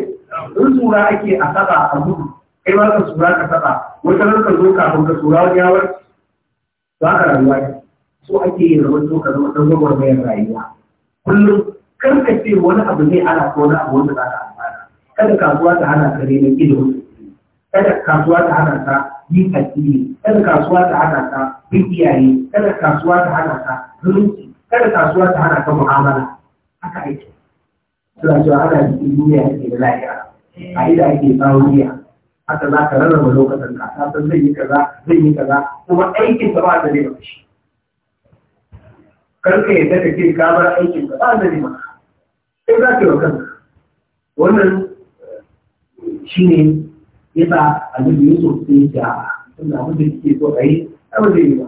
in tsura ake a saba a gudu kai ma ka tsura ka saba wata ranka zo kafin ka tsura wani yawar ba ka rayuwa ne so ake yi rawar so ka zama ɗan gwagwarmayar rayuwa kullum kar ka ce wani abu zai ana ko wani abu wanda za ka amfana kada kasuwa ta hana ka neman ilimi kada kasuwa ta hana ka yin addini kada kasuwa ta hana ka bin iyaye kada kasuwa ta hana ka zumunci kada kasuwa ta hana ka mu'amala haka ake suna cewa ana jikin duniya ake da lafiya a ida ake tsawuriya haka za ka rarraba lokacin ka ta san zan yi kaza zan yi kaza kuma aikin ka ba da zai maka shi karka yadda ka ce ka bar aikin ka ba da ne ba. sai za ka yi wa kanka wannan eh, shine yasa annabi Yusuf sai ya ce a'a tunda abin da kike so a yi abin da yi ba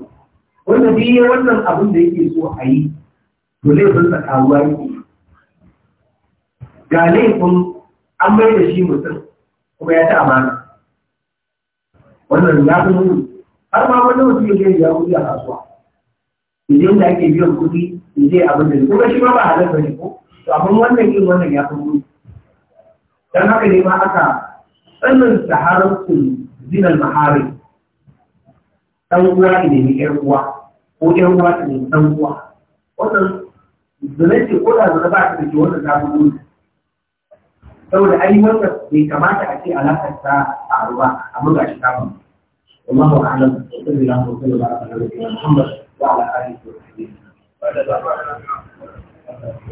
wanda bi wannan abin da yake so a yi to laifin sa kawuwa yake ga laifin an bai da shi mutum kuma ya ta amana wannan ya fi nuni har ma wani mutum ya gani ya kuɗi a kasuwa idan da ake biyan kuɗi idan abin da kuma shi ma ba halar da ne ko to abin wannan yin wannan ya fi nuni don haka ne ma aka sannan da haramcin zinan mahari ɗan uwa ne mai uwa ko ƴan uwa ne mai ɗan uwa wannan zane ko da zane ba ta da ke wannan ta fi gudu saboda ai wanda bai kamata a ce alaƙar ta a ruwa amma ga shi kama والله أعلم وصلى